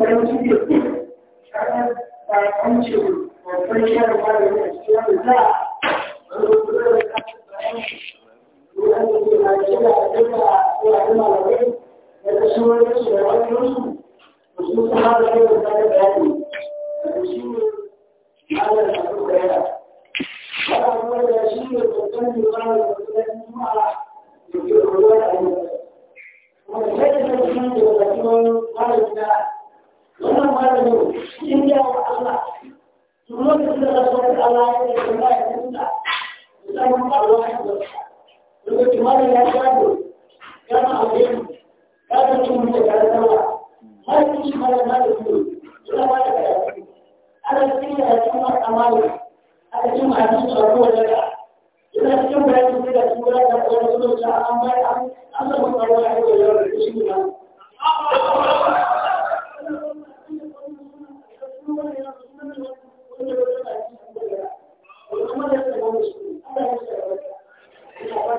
farin ciki ranar baƙancin babban shayarwa da wani a cikin wani za a rubuta da kasu bayan ruwan da ke na jira a duka wuraren malamai da kasuwanci da rayuwarsu da su kuma da yau da ta bayani da shi ne ala da su bayana. Wata kuma da shi ne babban lura da wasu juma'a da ke ruwa a yau. Wanda ya kasance da bakin malamin wannan malamin sun yi wa Allah lokacin da za su wani Allah ya yi tambaya ya kuta musamman Allah ya kuta lokacin malamin ya shaɗo ya ma aure ya ga cin ya da rarrawa malamin shi malamin na da suna ba da karatu ana cikin da cikin masu amali ana cikin masu tsaro da daga ina cikin bayanin da da tura da kuma suna an bayar an samu tsaro da ake yawar da shi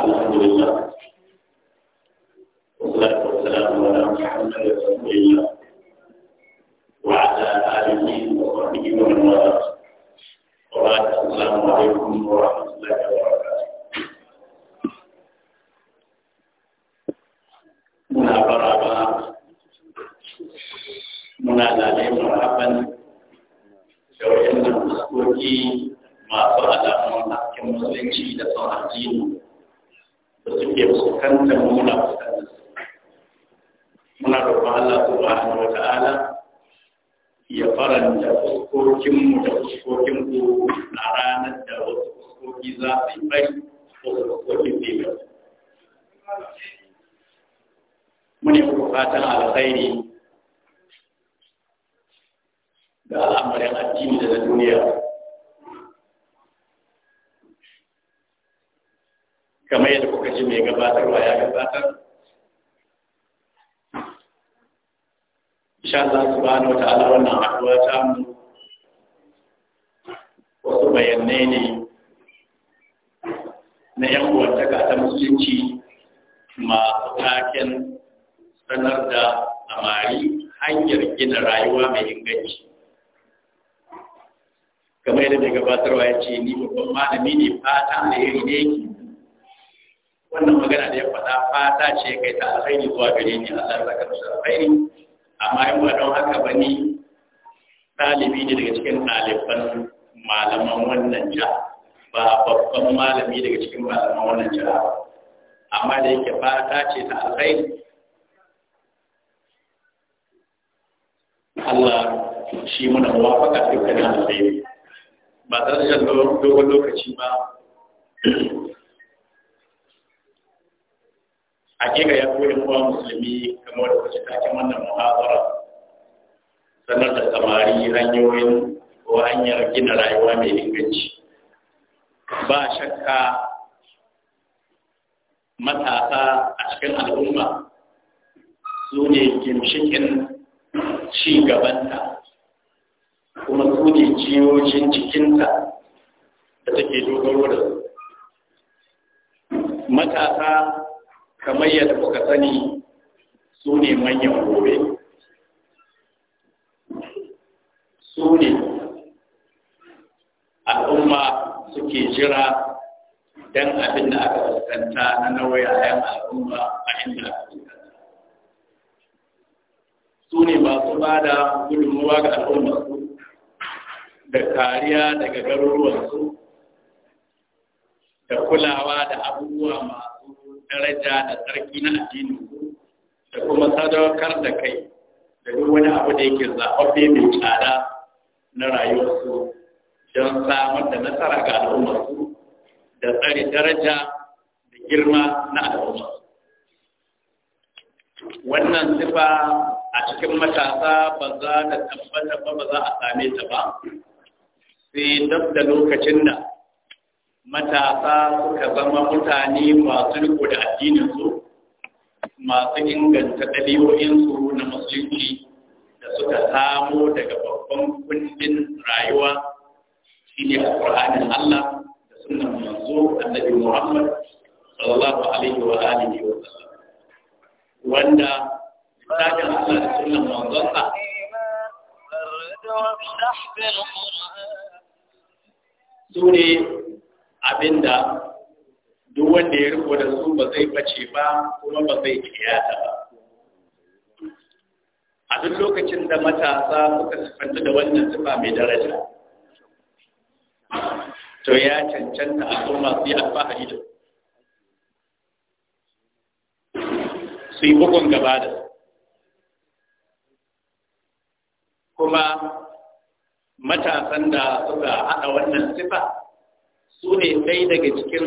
الحمد لله والصلاة والسلام على محمد رسول الله وعلى آله وصحبه ومن والاه وبعد السلام عليكم ورحمة الله وبركاته muna baraba muna lalai marhaban da wayannan fuskoki masu alamun hakkin musulunci da son addini da suke fuskantar muna fuskantar muna roƙon Allah subhanahu wa ta'ala ya faranta fuskokinmu da fuskokinku a ranar da wasu fuskoki za su yi bai wasu fuskokin bebe muni ku fatan alkhairi da al'amarin addini da na duniya kamar yadda kuka ji mai gabatarwa ya gabatar insha Allah subhanahu wata'ala wannan haɗuwa ta mu wasu bayanai ne na yan uwantaka ta musulunci masu taken sanar da amari hanyar gina rayuwa mai inganci kamar yadda mai gabatarwa ya ce ni babban malami ne fata da iri ne wannan magana da ya faɗa fata ce kai ta alkhairi zuwa gare ni Allah ya saka masa alkhairi amma in ba don haka ba ni ɗalibi ne daga cikin ɗaliban malaman wannan jiha ba babban malami daga cikin malaman wannan jiha amma da yake fata ce ta alkhairi Allah shi muna wafaka dukkanin alkhairi ba tare da dogon lokaci ba hakika ya koyi kuwa musulmi kamar da kuka takin wannan muhazara sanar da samari hanyoyin ko hanyar gina rayuwa mai inganci ba shakka matasa a cikin al'umma su ne ci gabanta kuma su ne jiyojin cikinta da take dogaro da su matasa kamar yadda kuka sani su ne manyan gobe su ne al'umma suke jira don abin da aka fuskanta na nauya yan al'umma a inda aka fuskanta su ne masu ba da gudunmuwa ga su da kariya daga garuruwansu da kulawa da abubuwa masu daraja da tsarki na addini da kuma sadaukar da kai da duk wani abu da yake zaɓaɓɓe mai tsada na rayuwarsu don samar da nasara ga al'ummarsu da tsari daraja da girma na al'ummarsu. Wannan sifa a cikin matasa ba za ta tabbata ba ba za a same ta ba, sai dab da lokacin da matasa suka zama mutane masu riko da addininsu masu inganta ɗaliyoyinsu na musulunci da suka samo daga babban kundin rayuwa shi ne a ƙur'anin Allah da sunan manzo annabi Muhammad sallallahu alaihi wa alihi wa sallam wanda misalin Allah da sunan manzonsa su ne abinda duk wanda ya riko da su ba zai bace ba kuma ba zai kiyata ba a duk lokacin da matasa suka sifanta da wannan sifa mai daraja to ya cancanta al'umma masu yi alfahari da su yi bugun gaba da kuma matasan da suka haɗa wannan sifa su ne ɗaya daga cikin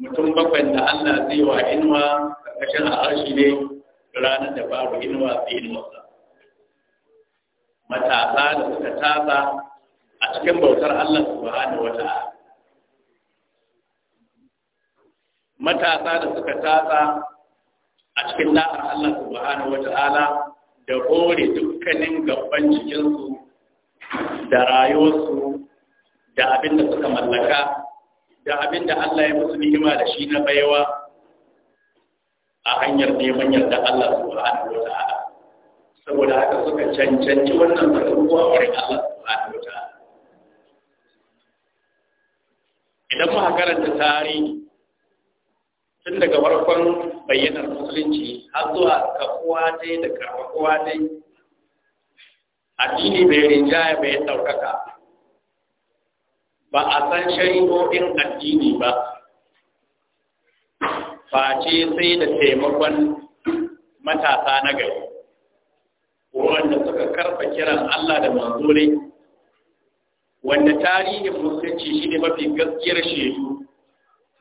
mutum bakwai da Allah zai wa inuwa ƙarƙashin harshe ne ranar da babu inuwa sai inuwarsa matasa da suka tasa a cikin bautar Allah ba da Wata matasa da suka tasa a cikin da'ar Allah subhanahu wa ta'ala da hore dukkanin gaban jikinsu da rayuwarsu da abin da suka mallaka da abin da Allah ya musu ni'ima da shi na baiwa a hanyar neman yarda Allah subhanahu wa ta'ala saboda haka suka cancanci wannan sakamako a wurin Allah subhanahu wa ta'ala idan muka karanta tarihi tun daga farkon bayyanar musulunci har zuwa kafuwa dai da karfafuwa dai addini bai rinjaya bai ɗaukaka ba a san shari'o'in addini ba face sai da taimakon matasa na gari wanda suka karfa kiran Allah da manzo ne wanda tarihin musulunci shi ne mafi gaskiyar shaidu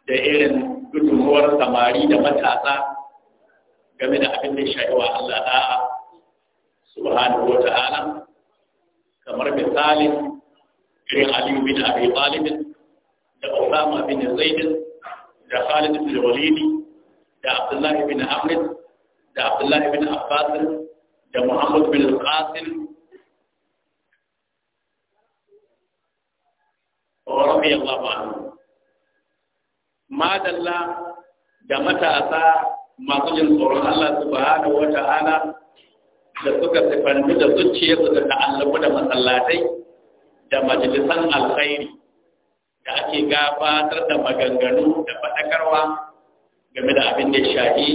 da irin gudunmuwar samari da matasa game da abin da sha'i wa Allah da'a subhanahu wa ta'ala kamar misali. irin Ali bin Abi Talib da Usama bin Zaid da Khalid bin Walid da Abdullah bin Amr da Abdullah bin Abbas da Muhammad bin Qasim رضي الله عنه ما دل da matasa masu jin tsoron Allah subhanahu wa ta'ala da suka sifanci da zuciyarsu da ta'allaku da masallatai da majalisan alkhairi da ake gabatar da maganganu da faɗakarwa game da abin da ya shafi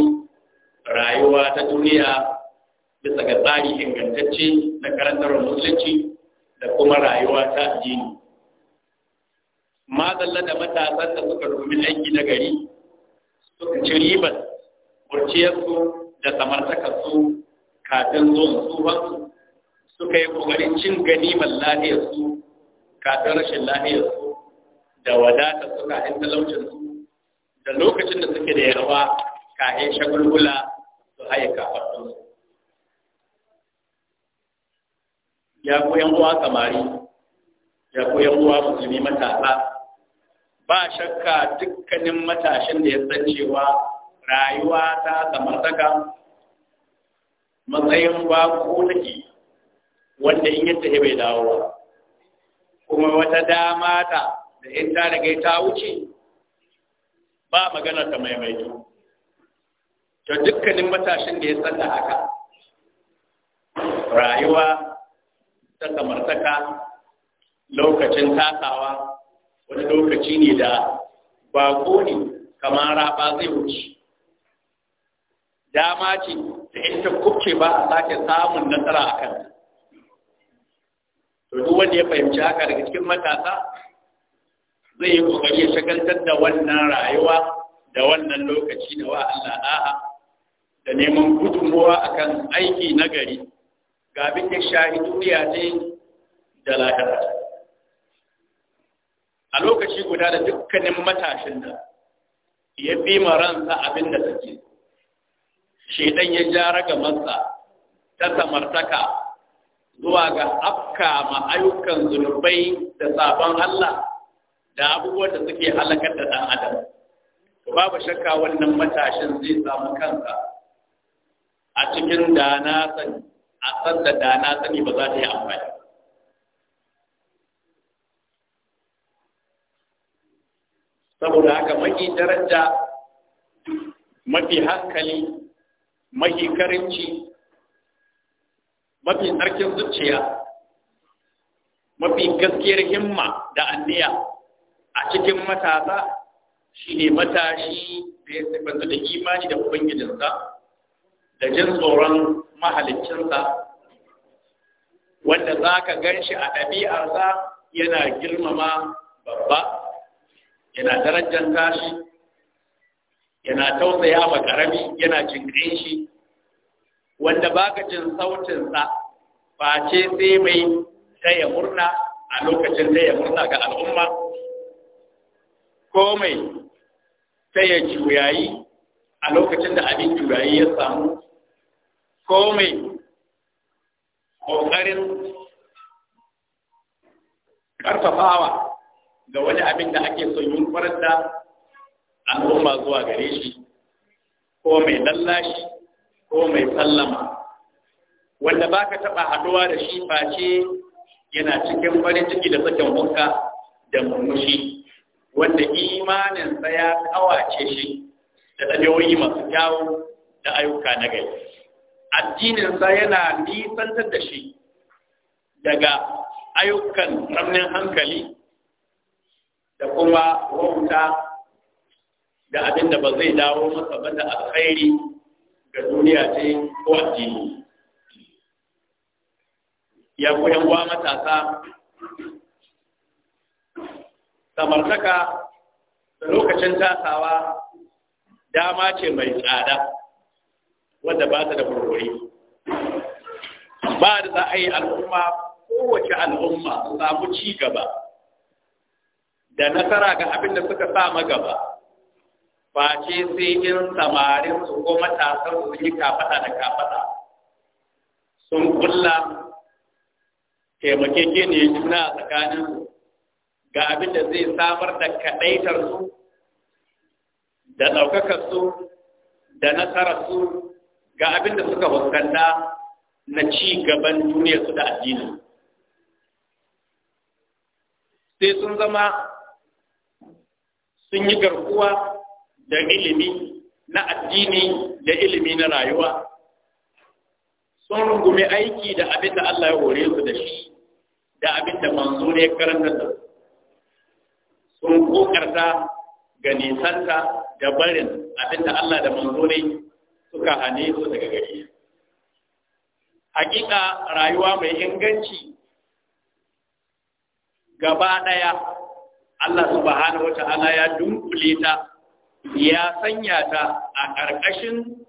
rayuwa ta duniya bisa ga tsari ingantacce na karantar musulunci da kuma rayuwa ta addini. Mazalla da matasan da suka rumi aiki na gari suka ci ribar burciyarsu da samartakarsu kafin zuwan tsufansu suka yi ƙoƙarin cin ganimar lafiyarsu kafin rashin lafiyar su da wadatar su kafin talaucin su da lokacin da suke da yarwa kayan shagulgula su haye kafaɗin su ya yan uwa samari ya yan uwa musulmi matasa ba shakka dukkanin matashin da ya san cewa rayuwa ta samartaka matsayin ba ko take wanda in yadda bai dawo ba kuma wata dama ta da in ta daga ta wuce ba magana ta maimaito to dukkanin matashin da ya san da haka rayuwa ta samartaka lokacin tasawa wani lokaci ne da bako ne kamar raba zai wuce dama ce da ita ta ba a sake samun nasara a kanta to duk wanda ya fahimci haka daga cikin matasa zai yi kokari ya shagaltar da wannan rayuwa da wannan lokaci da wa Allah a'a da neman gudunmuwa akan aiki na gari ga abin da shahi duniya ne da lahira a lokaci guda da dukkanin matashin da ya bi ransa abin da take shedan ya ja ragamarsa ta samartaka zuwa ga afka ma ayyukan zunubai da sabon Allah da abubuwan da suke halakar da ɗan adam babu shakka wannan matashin zai samu kansa a cikin da na sani a san da da na sani ba za ta yi amfani saboda haka mafi daraja mafi hankali mafi karinci mafi tsarkin zuciya mafi gaskiyar himma da alliya a cikin matasa shine matashi da ya sifanta da imani da ubangijinsa da jin tsoron mahalicinsa wanda za ka gan shi a ɗabi'arsa yana girmama babba yana darajar tashi yana tausaya wa ƙarami yana jinƙin shi wanda baka jin sautinsa ba ce sai mai taya murna a lokacin taya murna ga al'umma ko mai taya juyayi a lokacin da abin juyayi ya samu ko mai ƙoƙarin ƙarfafawa ga wani abin da ake son yunfarar da al'umma zuwa gare shi ko mai lallashi ko mai sallama wanda ba ka taɓa haɗuwa da shi face yana cikin farin ciki da sakin hukka da murmushi wanda imaninsa ya kawace shi da ɗabi'o'i masu kyawu da ayyuka na gari addininsa yana nisantar da shi daga ayyukan tsamnin hankali da kuma wauta da abinda ba zai dawo masa ba da alkhairi ga duniya ce ko addini ya koyan wa matasa samartaka da lokacin tasawa dama ce mai tsada wanda ba ta da burburi ba da za a yi al'umma kowace al'umma su samu ci gaba da nasara ga abin da suka sa gaba face sai in samarin su ko matasan su yi kafata da kafata sun kulla taimakeke ne juna a tsakanin su ga abin da zai samar da kaɗaitar su da ɗaukakar su da nasarar su ga abin da suka fuskanta na ci gaban duniya su da addini sai sun zama sun yi garkuwa da ilimi na addini da ilimi na rayuwa sun rungumi aiki da abin da Allah ya hore su da shi da abin da manzo ne karanta sun kokarta ga nisanta da barin abin da Allah da manzo ne suka hane su daga gari hakika rayuwa mai inganci gaba daya Allah subhanahu ta'ala ya dunkule ta ya sanya ta a ƙarƙashin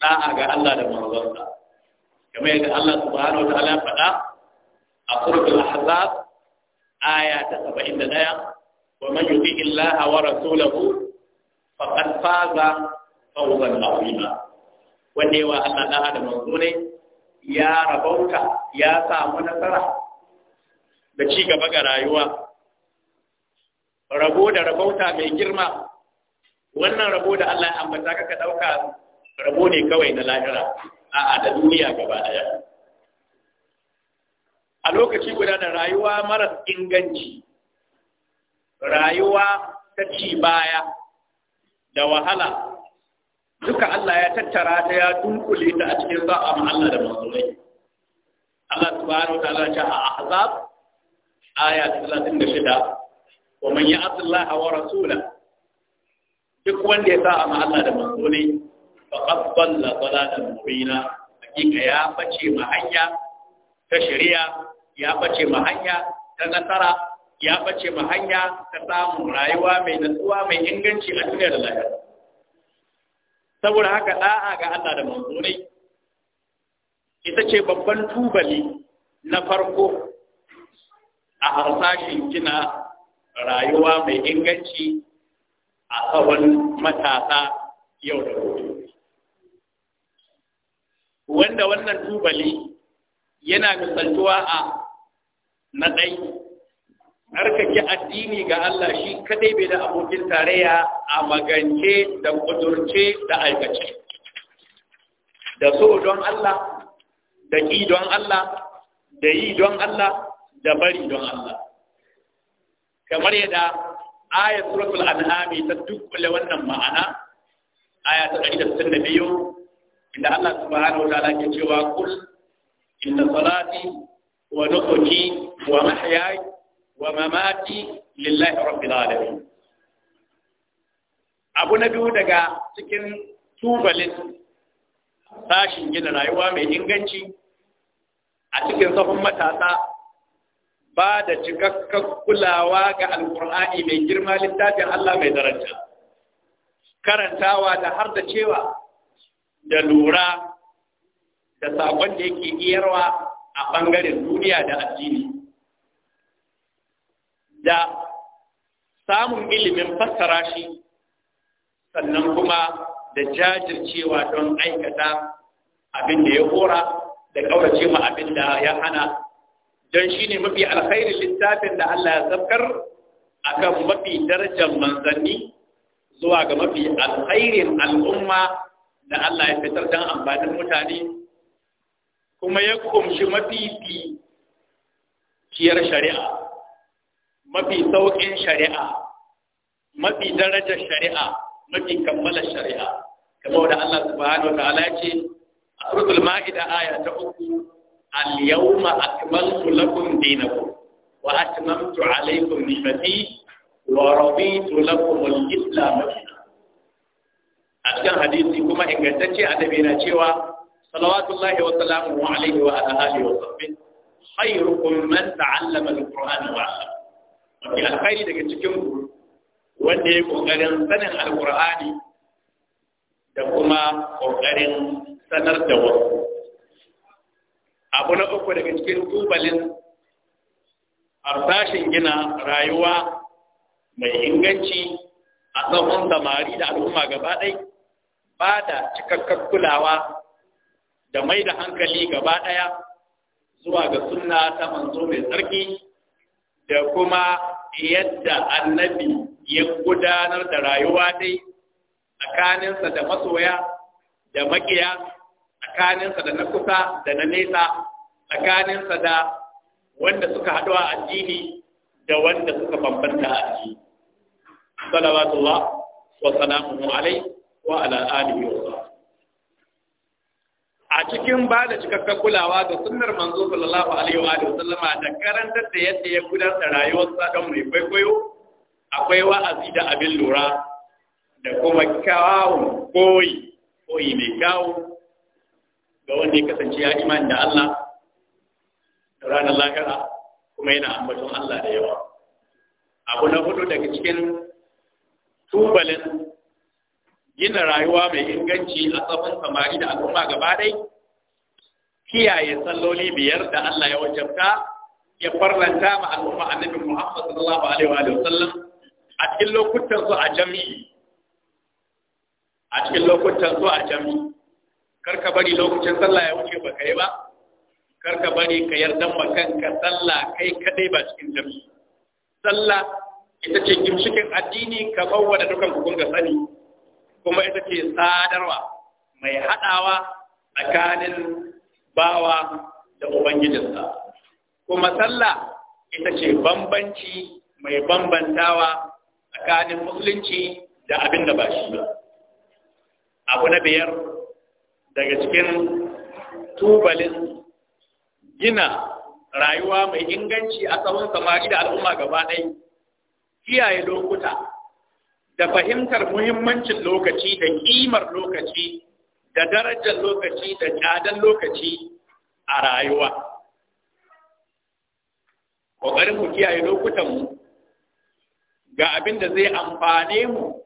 ɗa'a ga Allah da manzonsa kamar yadda Allah subhanahu wa ta'ala faɗa a suratul ahzab aya ta saba'in da ɗaya wa man yuti illaha wa rasulahu faqad faza fawzan azima wanda yawa Allah ɗa'a da manzo ne ya rabauta ya samu nasara da ci gaba ga rayuwa rabo da rabauta mai girma wannan rabo da Allah ya ambata kaka dauka rabo ne kawai na lahira a'a da duniya gaba daya a lokaci guda da rayuwa maras inganci rayuwa ta ci baya da wahala duka Allah ya tattara ta ya dunkule ta a cikin za'a Allah da manzonai Allah subhanahu wa ta'ala ya a ahzab aya 36 wa man ya'ti Allah wa rasulahu duk wanda ya sa a Allah da manzo ne fa qaddalla dalalan mubina hakika ya bace ma hanya ta shari'a ya bace ma hanya ta nasara ya bace ma hanya ta samun rayuwa mai natsuwa mai inganci a cikin da saboda haka da'a ga Allah da manzo ne ita ce babban tubali na farko a harsashin kina rayuwa mai inganci a tsawon matasa yau da gobe wanda wannan tubali yana misaltuwa a na ɗai tsarkake addini ga Allah shi kaɗai bai da abokin tarayya a magance da kudurce da aikace da so don Allah da ƙi don Allah da yi don Allah da bari don Allah kamar yadda aya suratul an'am ta dukkule wannan ma'ana aya ta 162 inda Allah subhanahu wa ta'ala ke cewa kul inna salati wa nusuki wa mahyaya wa mamati lillahi rabbil alamin abu na biyu daga cikin tubalin sashin gina rayuwa mai inganci a cikin sahun matasa ba da cikakken kulawa ga alkur'ani mai girma littafin Allah mai daraja karantawa da har da cewa da lura da sakon da yake iyarwa a ɓangaren duniya da addini da samun ilimin fassara shi sannan kuma da jajircewa don aikata abin da ya hora da ƙaurace ma abin da ya hana don shi ne mafi alkhairin littafin da Allah ya sabkar akan mafi darajar manzanni zuwa ga mafi alkhairin al'umma da Allah ya fitar don amfanin mutane kuma ya kumshi mafi shari'a mafi sauƙin shari'a mafi darajar shari'a mafi kammala shari'a kamar da Allah subhanahu wa ta'ala ya ce a rutul ma'ida aya ta uku اليوم أكملت لكم دينكم وأتممت عليكم نعمتي ورضيت لكم الإسلام دينا أتكلم حديثي كما إن قلتك أدبنا شوى صلوات الله وسلامه عليه وعلى آله وصحبه خيركم من تعلم القرآن وعلم وفي الخير daga cikin ku wanda ya kokarin sanin alqur'ani da kuma kokarin abu na uku daga cikin tubalin harsashin gina rayuwa mai inganci a tsawon samari da al'umma gaba ɗai ba da cikakkar kulawa da mai da hankali gaba ɗaya zuwa ga suna ta manzo mai tsarki da kuma yadda annabi ya gudanar da rayuwa dai tsakaninsa da masoya da makiya tsakaninsa da na kusa da na nesa tsakaninsa da wanda suka haɗu a addini da wanda suka bambanta a addini salawatullah wa salamuhu alai wa ala alihi wa a cikin ba da cikakken kulawa ga sunnar manzo sallallahu alaihi wa alihi sallama da karantar da yadda ya gudanar da rayuwarsa don mai kwaikwayo akwai wa'azi da abin lura da kuma kyawun koyi koyi mai kyawu ga wanda ya kasance ya imani da Allah da ranar lahira kuma yana ambaton Allah da yawa abu na hudu daga cikin tubalin gina rayuwa mai inganci a tsawon samari da al'umma gaba dai kiyaye salloli biyar da Allah ya wajabta ya farlanta ma al'umma annabi Muhammad sallallahu alaihi wa sallam a cikin lokutan su a jami'i a cikin lokutan su a jami'i kar ka bari lokacin sallah ya wuce ka yi ba karka bari ka yarda ma kanka sallah kai kadai ba cikin jami'i sallah ita ce gimshikin addini bawa da dukan ku sani kuma ita ce sadarwa mai haɗawa tsakanin bawa da ubangijinsa kuma sallah ita ce bambanci mai bambantawa tsakanin musulunci da abin da ba shi ba abu na biyar daga cikin tubalin gina rayuwa mai inganci a tsawon samari da al'umma gaba ɗaya kiyaye lokuta da fahimtar muhimmancin lokaci da ƙimar lokaci da darajar lokaci da tsadar lokaci a rayuwa ƙoƙarin mu kiyaye lokutan mu ga abin da zai amfane mu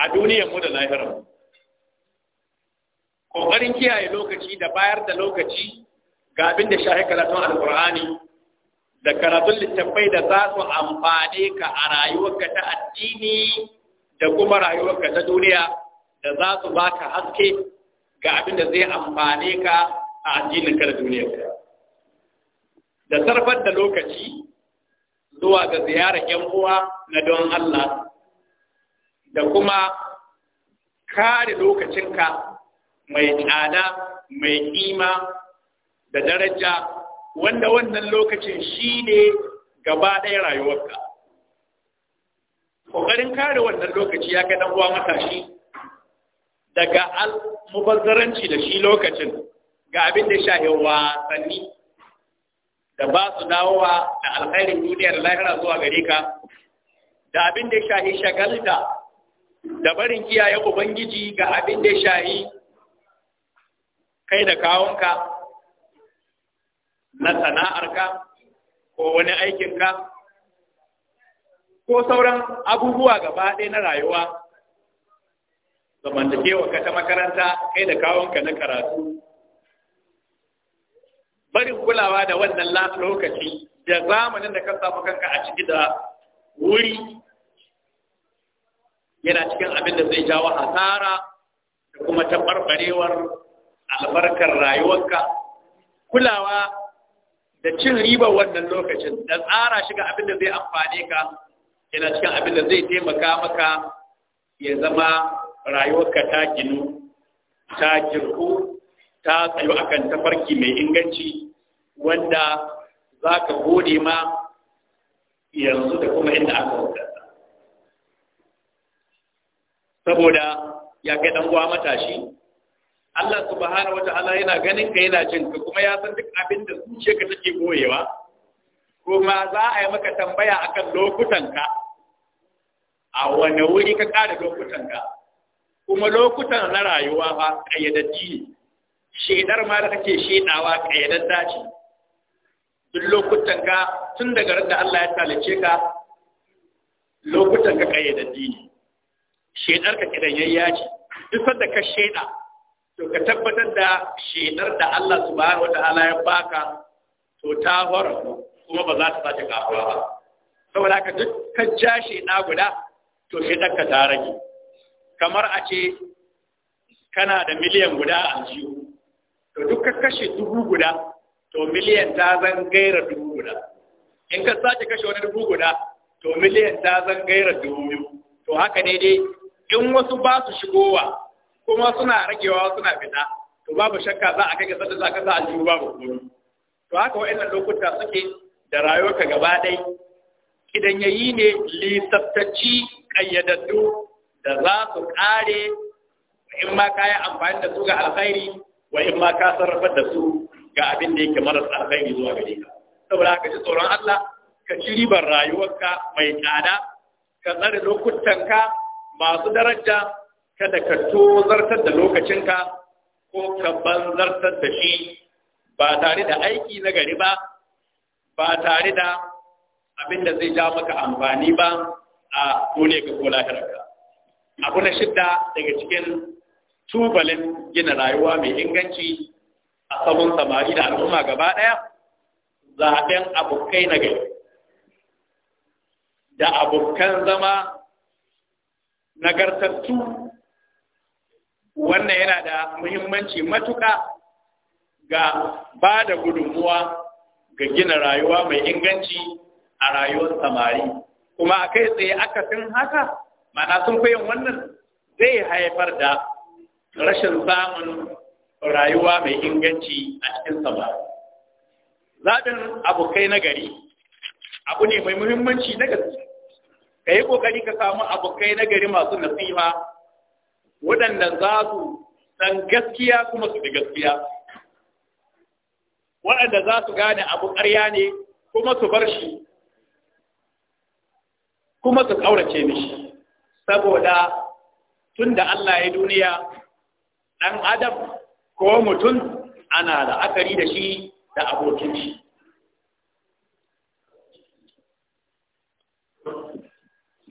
a duniyarmu da lahirarmu kokarin kiyaye lokaci da bayar da lokaci ga abin da shahi karatun alƙur'ani da karatun littattafai da za su amfane ka a rayuwarka ta addini da kuma rayuwarka ta duniya da za su baka haske ga abin da zai amfane ka a addinin ka da duniyarka da sarfar da lokaci zuwa ga ziyarar 'yan uwa na don Allah da kuma kare lokacinka mai tsada mai ƙima, da daraja wanda wannan lokacin shi ne gaba ɗaya rayuwarka ƙoƙarin kare wannan lokaci ya kai ɗan uwa matashi daga almubazzaranci da shi lokacin ga abin da shahe wasanni da ba su dawowa da alkhairin duniyar lahira zuwa gare ka da abin da shahi shagalta da barin kiyaye ubangiji ga abin da shahi kai da kawunka na sana'arka ko wani aikinka ko sauran abubuwa gaba ɗaya na rayuwa zamantakewa ka ta makaranta kai da kawunka na karatu barin kulawa da wannan lokaci da zamanin da ka samu kanka a ciki da wuri yana cikin abin da zai jawo hasara da kuma taɓarɓarewar albarkar rayuwarka kulawa da cin ribar wannan lokacin da tsara shiga abin da zai amfane ka yana cikin abin da zai taimaka maka ya zama rayuwarka ta ginu ta jirku ta tsayo akan tafarki mai inganci wanda za ka gode ma yanzu da kuma inda aka wadata saboda ya kai ɗan matashi Allah subhanahu ala yana ganin ka yana jin ka kuma ya san duk abin da ka take goyewa kuma za a yi maka tambaya akan lokutanka a wane wuri ka ƙara lokutanka kuma lokutan na rayuwa fa ƙayyadaddi ne shaidar ma da kake shaidawa ƙayyadadda ce duk lokutanka tun daga da Allah ya talice ka lokutanka ƙayyadaddi ne shaidar ka kidanyayya ce duk da ka shaida to ka tabbatar da shedar da Allah subhanahu wata'ala ya baka to ta horo kuma ba za ta sace kafuwa ba saboda ka duk ka ja sheda guda to shedar ka ta rage kamar a ce kana da miliyan guda a aljihu to duk ka kashe dubu guda to miliyan ta zan gaira dubu guda in ka sace kashe wani dubu guda to miliyan ta zan gaira dubu biyu to haka ne dai in wasu ba su shigowa kuma suna ragewa suna fita to babu shakka za a kai gasar da za ka sa a babu kuma to haka wa'annan lokuta suke da rayuwarka gaba ɗai idan ya yi ne lissaftacci ƙayyadaddu da za su ƙare in ma ka yi amfani da su ga alkhairi wa in ma ka sarrafa da su ga abin da yake marasa alkhairi zuwa gare ka saboda haka ji tsoron Allah ka ci ribar rayuwarka mai tsada ka tsare lokutan ka masu daraja kada ka tozartar da lokacinka ko ka banzartar da shi ba tare da aiki na gari ba ba tare da abin da zai ja maka amfani ba a kone ka ko lahirarka abu na shidda daga cikin tubalin gina rayuwa mai inganci a sabon samari da al'umma gaba ɗaya zaɓen abokai na gari da abokan zama nagartattu wannan yana da muhimmanci matuƙa ga ba da gudunmuwa ga gina rayuwa mai inganci a rayuwar samari kuma a kai tsaye akasin haka mana sun yin wannan zai haifar da rashin samun rayuwa mai inganci a cikin samari zaɓin abokai na gari abu ne mai muhimmanci na gaske ka yi ƙoƙari ka samu abokai na gari masu nasiha waɗanda za su san gaskiya kuma su bi gaskiya waɗanda za su gane abu ƙarya ne kuma su bar shi kuma su ƙaurace mishi saboda tun da Allah ya duniya ɗan adam ko mutum ana la'akari da shi da abokin shi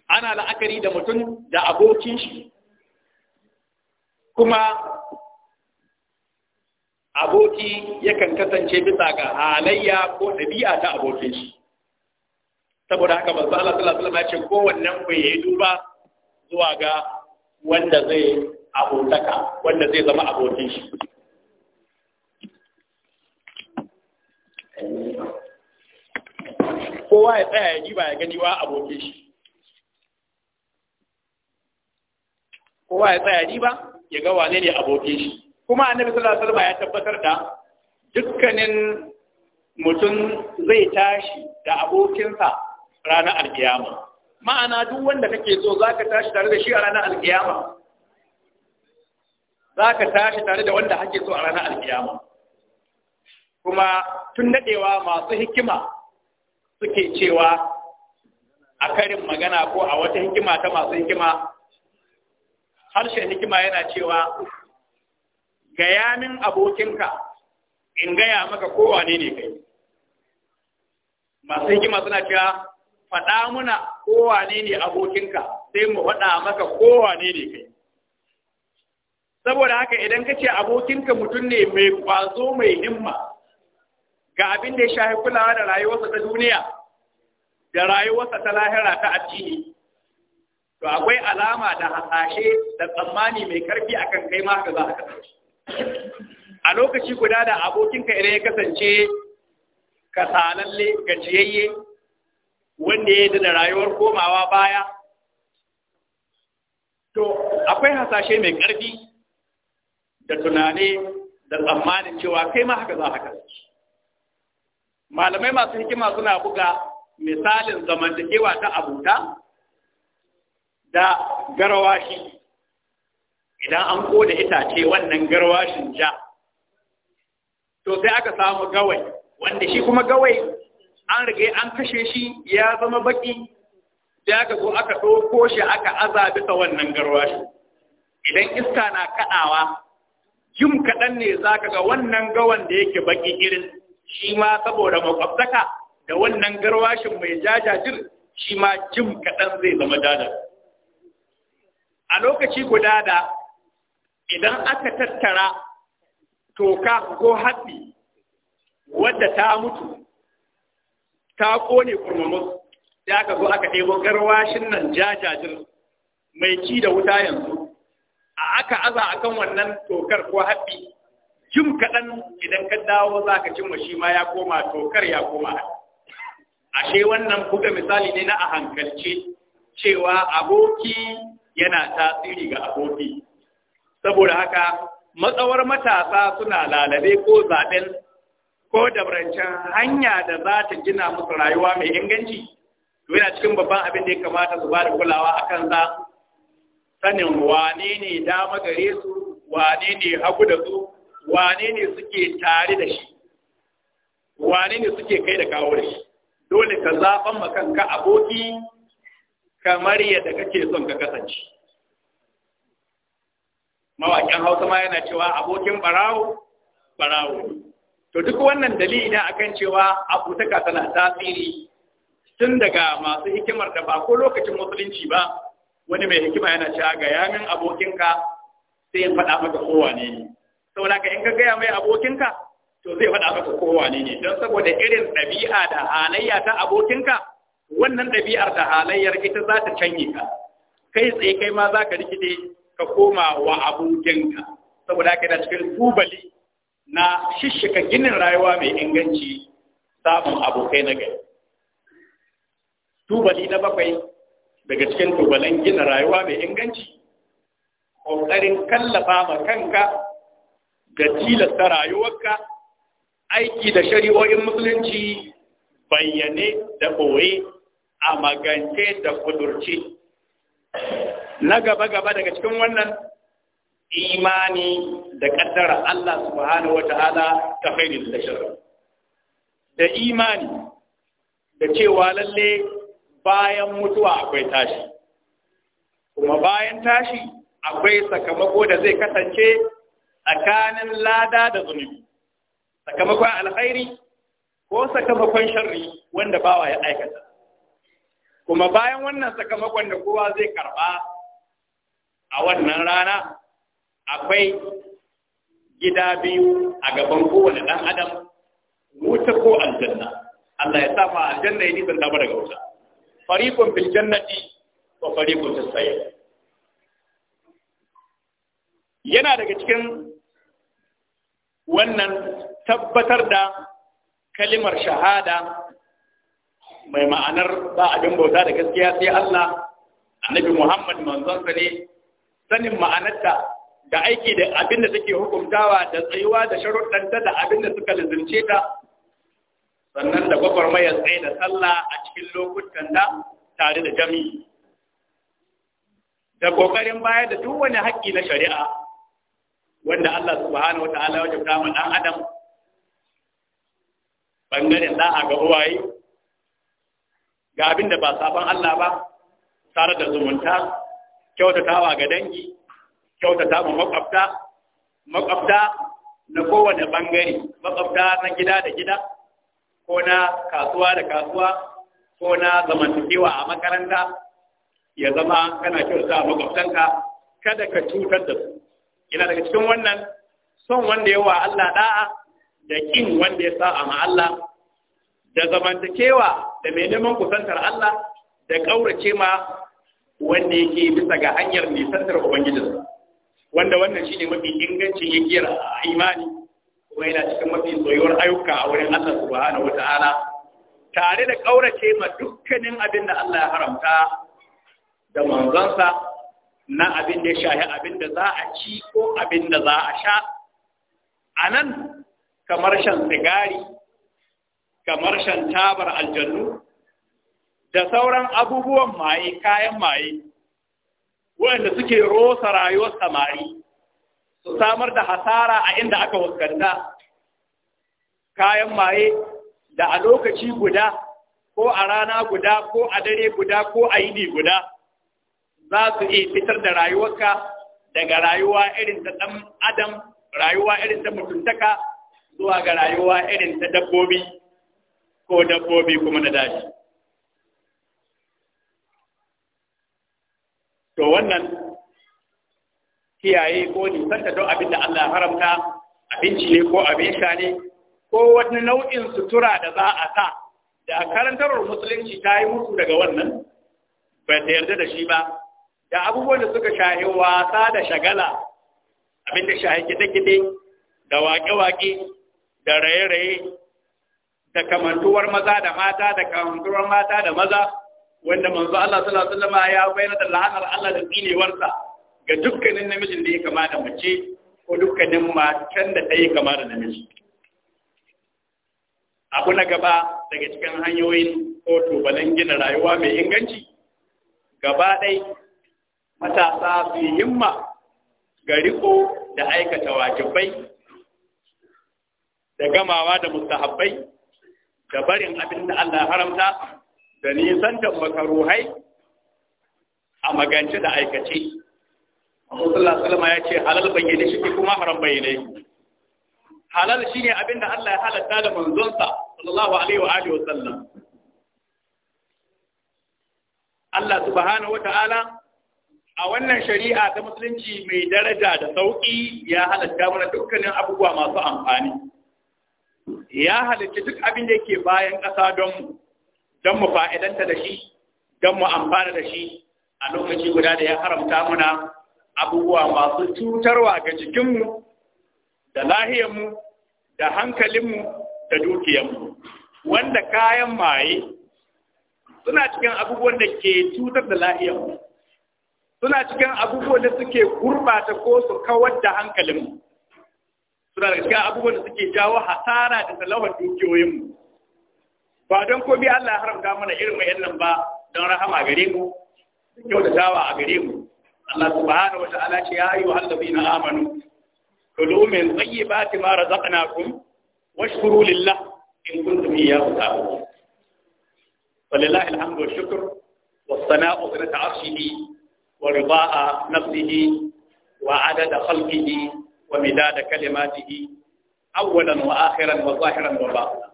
ana la'akari da mutum da abokin shi kuma aboki yakan kasance bisa ga halayya ko ɗabi'a ta abokin shi saboda haka ba za a alaihi wasallam ya ce kowannen ku yi duba zuwa ga wanda zai abotaka wanda zai zama abokin shi kowa ya tsaya ya ba ya gani wa abokin shi kowa ya tsaya riba ya ga wane ne abokin shi kuma annabi sallallahu alaihi wasallam ya tabbatar da dukkanin mutum zai tashi da abokinsa ranar alkiyama ma'ana duk wanda kake so zaka tashi tare da shi a ranar alkiyama zaka tashi tare da wanda kake so a ranar alkiyama kuma tun nadewa masu hikima suke cewa a karin magana ko a wata hikima ta masu hikima harshen hikima yana cewa gaya min abokinka in gaya maka kowane ne kai masu hikima suna cewa faɗa muna kowane ne abokinka sai mu faɗa maka kowane ne kai saboda haka idan ka ce abokinka mutum ne mai kwazo mai himma ga abin da ya shafi kulawa da rayuwarsa ta duniya da rayuwarsa ta lahira ta addini to akwai alama da hasashe da tsammani mai karfi akan kai ma haka za ka kasance a lokaci guda da abokinka idan ya kasance kasalalle gajiyayye wanda ya yi da rayuwar komawa baya to akwai hasashe mai karfi da tunani da tsammanin cewa kai ma haka za ka kasance malamai masu hikima suna buga misalin zamantakewa ta abuta da garwashi idan an koda itace wannan garwashin ja to sai aka samu gawai wanda shi kuma gawai an rige an kashe shi ya zama baki sai aka zo aka ɗauko shi aka aza bisa wannan garwashi idan iska na kaɗawa jim kaɗan ne za ka ga wannan gawan da yake baki irin shi ma saboda makwabtaka da wannan garwashin mai jajajir shi ma jim kaɗan zai zama jajar a lokaci guda da idan aka tattara toka ko hatsi wadda ta mutu ta kone kurmamu ya aka zo aka ɗebo garwashin nan jajajin mai ci da wuta yanzu a aka aza a kan wannan tokar ko haɓɓi jim kaɗan idan ka dawo za ka cimma shi ma ya koma tokar ya koma ashe wannan buga misali ne na a hankalce cewa aboki yana tasiri ga aboki saboda haka matsawar matasa suna lalabe ko zaben ko dabarancin hanya da za ta gina musu rayuwa mai inganci to yana cikin babban abin da ya kamata su ba da kulawa a kan za. sanin wane ne dama gare su wane ne hagu da su wane ne suke tare da shi wane ne suke kai da kawo da shi dole ka zaɓan makanka aboki kamar yadda kake son ka kasance mawaƙin hausa ma yana cewa abokin barawo barawo to duk wannan dalili na akan cewa abutaka tana tasiri tun daga masu hikimar da ba ko lokacin musulunci ba wani mai hikima yana cewa ga yamin abokinka sai ya faɗa maka kowa ne ne saboda ka in ka gaya mai abokinka to zai faɗa maka kowa ne ne don saboda irin ɗabi'a da halayya ta abokinka wannan ɗabi'ar da halayyar ita za ta canye ka kai tsaye kai ma za ka rikide ka koma wa abokinka saboda haka da cikin tubali na shishika ginin rayuwa mai inganci samun abokai na gari tubali na bakwai daga cikin tubalan ginin rayuwa mai inganci ƙoƙarin kallafa ma kanka da tilasta rayuwarka aiki da shari'o'in musulunci bayyane da ɓoye a magance da kudurci na gaba-gaba daga cikin wannan imani da kaddara Allah subhanahu wa ta'ala ta haini da da imani da cewa lalle bayan mutuwa akwai tashi kuma bayan tashi akwai sakamako da zai kasance tsakanin lada da zunubi sakamakon alkhairi ko sakamakon sharri wanda bawa ya aikata kuma bayan wannan sakamakon da kowa zai karba a wannan rana akwai gida biyu a gaban kowane ɗan adam wuta ko aljanna Allah ya sa ma aljanna ya nisan dama daga wuta farikon fil jannati ko farikon fis yana daga cikin wannan tabbatar da kalimar shahada mai ma'anar ba abin bauta da gaskiya sai Allah annabi Muhammad manzonsa ne sanin ma'anarta da aiki da abin da take hukuntawa da tsayuwa da sharuɗanta da abin da suka lizince ta sannan da mai tsaye da sallah a cikin lokutan da tare da Jami. da kokarin bayar da duk wani haƙƙi na shari'a wanda Allah subhanahu wa ta'ala ya jabta mu dan adam bangaren da ga uwaye ga abin da ba sabon Allah ba tare da zumunta kyautatawa ga dangi kyautata makwabta makwabta na kowane bangare makwabta na gida da gida ko na kasuwa da kasuwa ko na zamantakewa a makaranta ya zama kana kyautata makwabtanka kada ka cutar da su ina daga cikin wannan son wanda yawa Allah da'a da kin wanda ya sa a Allah da zamantakewa da mai neman kusantar Allah da ƙaurace ma wanda yake bisa ga hanyar nisantar Ubangijinsa. Wanda wannan shi ne mafi ingancin a imani kuma yana cikin mafi soyuwar ayyuka a wurin Allah subhanahu wa ta'ala tare da ƙaurace ma dukkanin abin da Allah ya haramta da manzansa na abin da ya shahi abin da za a ci ko abin da za a sha a nan kamar shan sigari kamar shan tabar aljannu da sauran abubuwan maye kayan maye wanda suke rosa rayuwar samari su samar da hasara a inda aka waskanta kayan maye da a lokaci guda ko a rana guda ko a dare guda ko a yini guda za su iya fitar da rayuwarka daga rayuwa irin ta ɗan adam rayuwa irin ta mutuntaka zuwa ga rayuwa irin ta dabbobi ko dabbobi kuma na daji to wannan kiyaye ko nisan don abin da Allah haramta abinci ne ko abin sha ne ko wani nau'in sutura da za a sa da karantarwar musulunci ta yi mutu daga wannan ba ta yarda da shi ba da abubuwan da suka shahi wasa da shagala abin da shahi kide-kide da waƙe-waƙe da raye-raye da kamantuwar maza da mata da kamantuwar mata da maza wanda manzo Allah sallallahu alaihi wasallam ya bayyana da la'anar Allah da tsinewarsa ga dukkanin namijin da ya kama da mace ko dukkanin matan da take kamata kama da namiji abu na gaba daga cikin hanyoyin ko tubalan gina rayuwa mai inganci gaba dai matasa su yi himma ga riko da aikata wajibai da gamawa da mustahabbai da barin abin da Allah haramta da da makaruhai a magance da aikace. Allah Salama ya ce halal bayyane shi kuma haram bayyane. Halal shi ne abin da Allah ya halatta da manzonsa, sallallahu Alaihi wa Alihi wa sallam. Allah subhanahu wa ta'ala a wannan shari'a ta musulunci mai daraja da sauƙi ya halatta mana dukkanin abubuwa masu amfani. ya halitta duk abin da yake bayan ƙasa don mu don mu fa'idanta da shi don mu amfana da shi a lokaci guda da ya haramta muna abubuwa masu cutarwa ga jikinmu da lahiyarmu da hankalinmu da dukiyarmu wanda kayan maye suna cikin abubuwan da ke cutar da lahiyarmu suna cikin abubuwan da suke gurbata ko su kawar da hankalinmu suna da cikin abubuwan da suke jawo hasara da talawar dukiyoyinmu ba don komi Allah ya haramta mana irin wayannan ba don rahama gare mu kyau da dawa a gare mu Allah subhanahu wata'ala ce ya ayu hallabina amanu kulu min tayyibati ma razaqnakum washkuru lillah in kuntum iyyahu ta'budun walillahi alhamdu washukr والثناء ذنة عرشه ورضاء نفسه وعدد خلقه ومداد كلماته أولا وآخرا وظاهرا وباطنا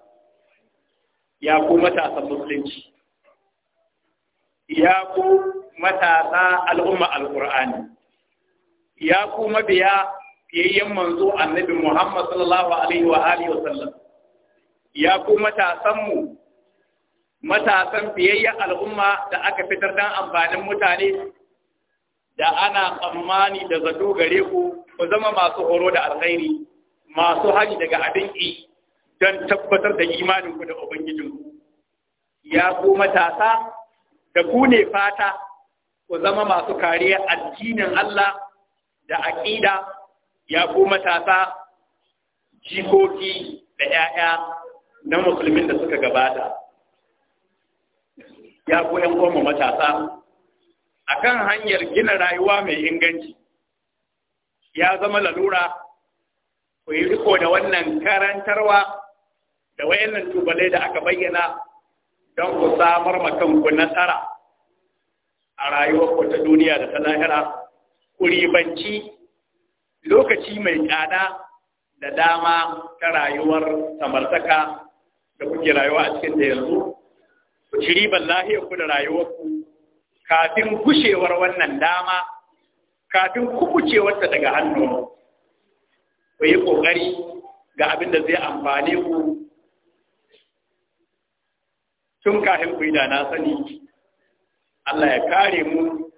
يا كو متى مسلمش ya ku matasa al'umma al'ur'ani, ya ku mabiya fiyayyen manzo annabi Muhammad sallallahu Alaihi wa Alihi wa sallam, ya ku mu? matasan fiyayyen al'umma da aka fitar don amfanin mutane da ana tsammani da zato gare ku ku zama masu horo da alkhairi masu haji daga abin don tabbatar da imanin ku da ubangijin ku ya ku matasa da ku ne fata ku zama masu kariya addinin Allah da aqida ya ku matasa jikoki da 'ya'ya na musulmin da suka gabata ya ku 'yan matasa akan hanyar gina rayuwa mai inganci ya zama lalura ku yi riko da wannan karantarwa da wayannan tubalai da aka bayyana don ku samar ma kanku nasara a ku ta duniya da ta lahira ku ribanci lokaci mai tsada da dama ta rayuwar samartaka da kuke rayuwa a cikin da yanzu ku ci riban ku da rayuwarku kafin gushewar wannan dama kafin kukucewarta daga hannu ku yi ƙoƙari ga abin da zai amfane ku tun kafin ku yi da na sani Allah ya kare mu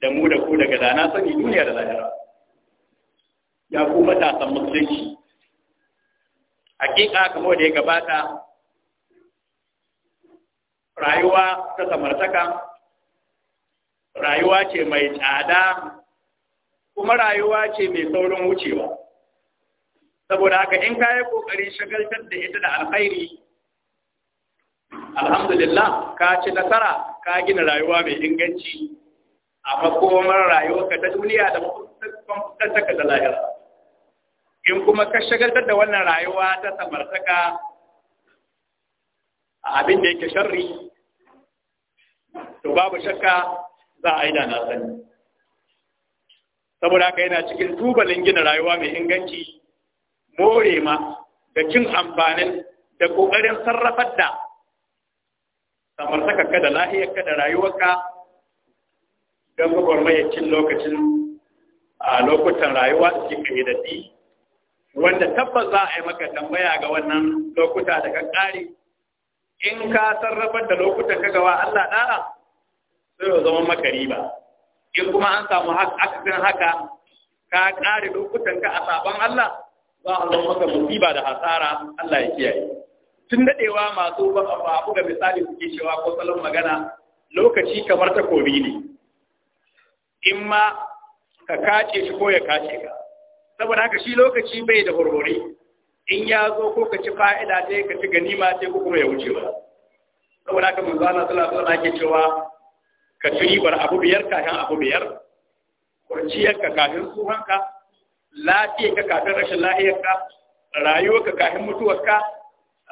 da mu da ku daga da na sani duniya da lahira ya ku matasan musulunci hakika kamar da ya gabata rayuwa ta samartaka rayuwa ce mai tsada kuma rayuwa ce mai saurin wucewa saboda haka in ka yi ƙoƙarin shagaltar da ita da alkhairi alhamdulillah ka ci nasara ka gina rayuwa mai inganci a makomar ka ta duniya da mafuskantaka da lahira in kuma ka shagaltar da wannan rayuwa ta samartaka a abin da yake sharri to babu shakka za a yi da na saboda haka yana cikin tubalin gina rayuwa mai inganci more ma da cin amfanin da ƙoƙarin sarrafar da saka ka da lahiyarka da rayuwarka don gwagwarmayacin lokacin a lokutan rayuwa da cikin wanda tabbas za a yi maka tambaya ga wannan lokuta da kankari in ka sarrafar da lokutan kagawa Allah ɗara sai zama maka riba in kuma an samu akasin haka ka ƙare lokutan ka a sabon Allah za a zama maka musiba da hasara Allah ya kiyaye tun dadewa masu babu ga misali suke cewa ko salon magana lokaci kamar takobi ne in ma ka kace shi ko ya kace ka saboda haka shi lokaci bai da horhori in ya zo ko ka ci fa'ida sai ka ci ganima sai ko kuma ya wuce ba saboda haka manzo Allah sallallahu alaihi wasallam yake cewa ka ci ribar abu biyar kafin abu biyar ka kafin tsuhanka lafiyarka kafin rashin lahiyarka rayuwarka kafin ka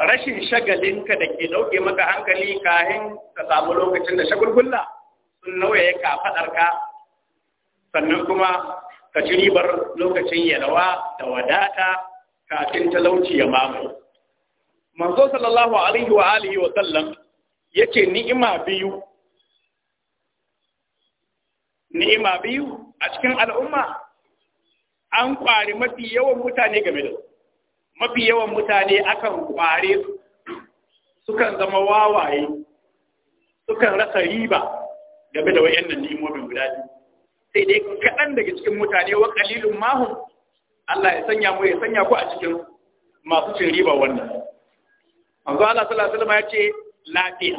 rashin shagalinka da ke dauke maka hankali kafin ka samu lokacin da shagulgulla sun nauyaye ka sannan kuma ka ci ribar lokacin yalwa da wadata kafin talauci ya mamu manzo sallallahu alaihi wa alihi wa sallam yace ni'ima biyu ni'ima biyu a cikin al'umma an kwari mafi yawan mutane game da su mafi yawan mutane akan kware su sukan zama wawaye sukan rasa riba game da wayannan ni'imomin guda biyu sai dai kaɗan daga cikin mutane wa kalilun mahun Allah ya sanya mu ya sanya ku a cikin masu cin riba wannan manzo Allah sallallahu alaihi wasallam ya ce lafiya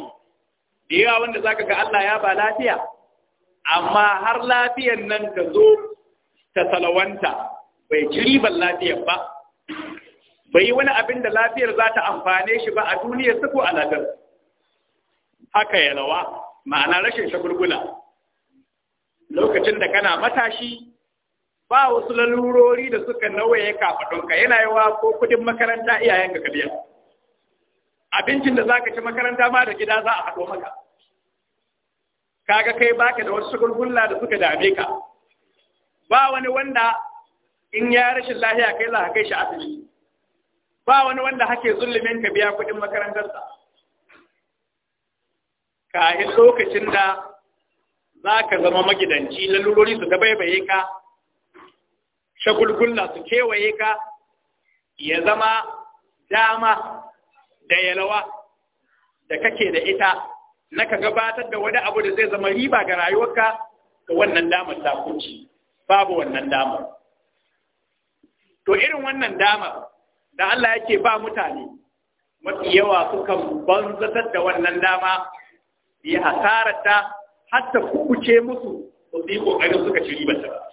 da yawa wanda zaka ga Allah ya ba lafiya amma har lafiyar nan ta zo ta salawanta bai ci riban lafiyar ba bai yi wani abin da lafiyar za ta amfane shi ba a duniya su ko a haka ya rawa ma'ana rashin shagulgula lokacin da kana matashi ba wasu lalurori da suka nawaye kafaɗonka yana yawa ko kudin makaranta iyayen ka biya abincin da za ka ci makaranta ma da gida za a haɗo maka kaga kai baka da wasu shagulgulla da suka dame ka ba wani wanda in ya rashin lahiya kai za ka kai shi asibiti ba wani wanda hake zulumin ka biya kuɗin makarantarsa kahin lokacin da za ka zama magidanci lalurori su dabaibaye ka shagulgulla su kewaye ka ya zama dama da yalawa da kake da ita na ka gabatar da wani abu da zai zama riba ga rayuwarka ga wannan damar ta kunci babu wannan damar to irin wannan damar da Allah yake ba mutane mafi yawa sukan banzatar da wannan dama yi hasarar ta har ta kubuce musu ba su yi kokarin suka ci ribar ta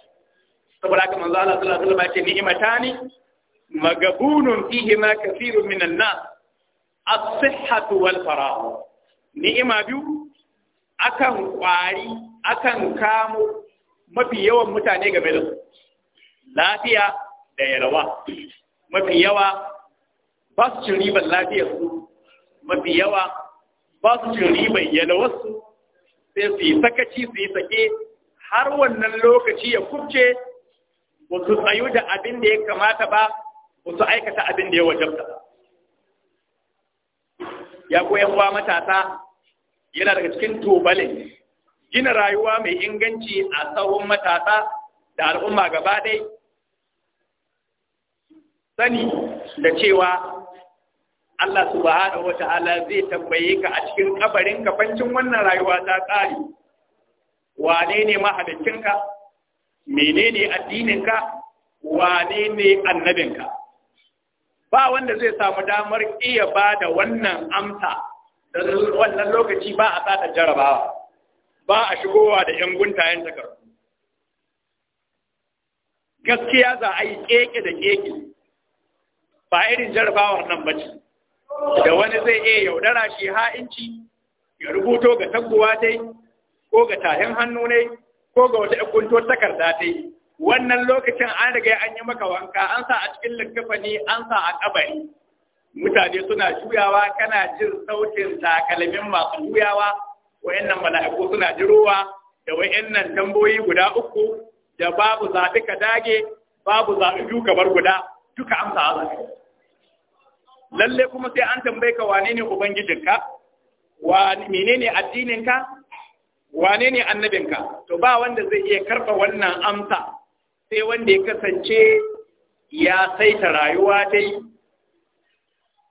saboda haka manzo Allah sallallahu alaihi wasallam ya ce ni'matani magabunun fihi ma kathirun minan nas as-sihhatu wal faragh ni'ima biyu akan kwari akan kamo mafi yawan mutane game da su lafiya da yalwa mafi yawa ba su cin ribar lafiyarsu mafi yawa ba su cin ribar yalwarsu sai su yi sakaci su yi sake har wannan lokaci ya kubce ba su tsayu da abin da ya kamata ba ba aikata abin da ya wajabta ba ya koyan wa matasa yana daga cikin tubalin. gina rayuwa mai inganci a tsawon matasa da al'umma gaba dai sani da cewa Allah subhanahu wa ta'ala zai tambaye ka a cikin kabarin kafancin wannan rayuwa ta tsari wane ne mahalicinka menene addininka wane ne annabinka ba wanda zai samu damar iya ba da wannan amsa da wannan lokaci ba a tsada jarabawa ba a shigowa da yan guntayen takardu gaskiya za a yi keke da keke ba irin jarabawar nan ba ce da wani zai iya yaudara shi ha'inci ya rubuto ga taguwa dai ko ga tahin hannu ne ko ga wata ikuntuwar takarda ta yi wannan lokacin an riga an yi maka wanka an sa a cikin likkafani an sa a kabari mutane suna juyawa kana jin sautin takalmin masu juyawa wayannan mala'iku suna jirowa da wayannan tamboyi guda uku da babu zaɓi ka dage babu zaɓi biyu kamar guda duka amsa a zaɓi lalle kuma sai an tambaye ka wane ne ubangijinka wane menene addininka wane ne annabinka to ba wanda zai iya karɓa wannan amsa sai wanda ya kasance ya saita rayuwa dai